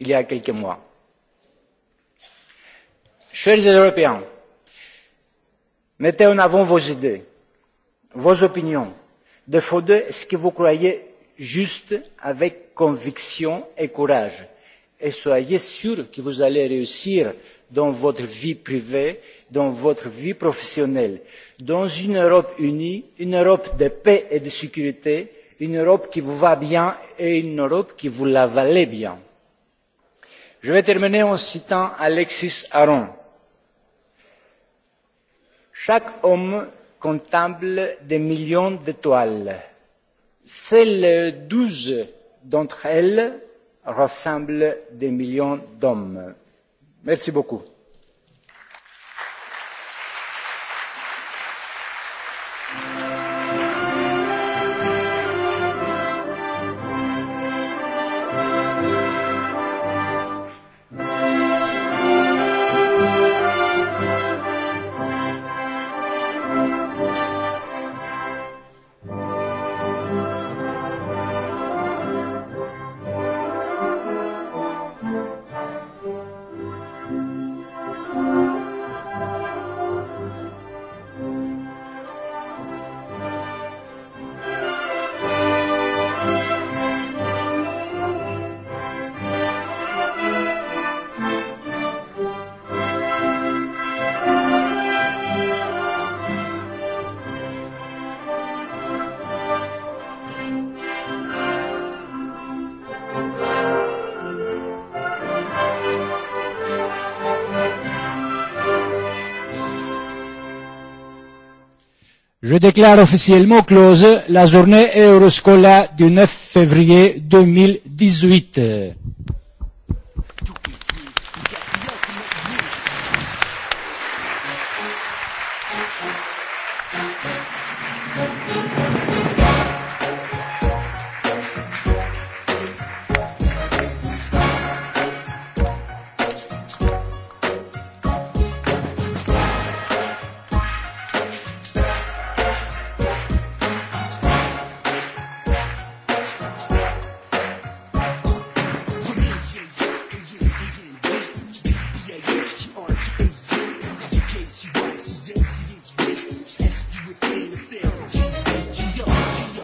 il y a quelques mois. Chers Européens, mettez en avant vos idées, vos opinions, défendez ce que vous croyez juste avec conviction et courage, et soyez sûrs que vous allez réussir dans votre vie privée, dans votre vie professionnelle, dans une Europe unie, une Europe de paix et de sécurité, une Europe qui vous va bien et une Europe qui vous la valait bien. Je vais terminer en citant Alexis Aron. Chaque homme contemple des millions d'étoiles. Seules douze d'entre elles rassemblent des millions d'hommes. Merci beaucoup. déclare officiellement close la journée Euroscola du 9 février 2018.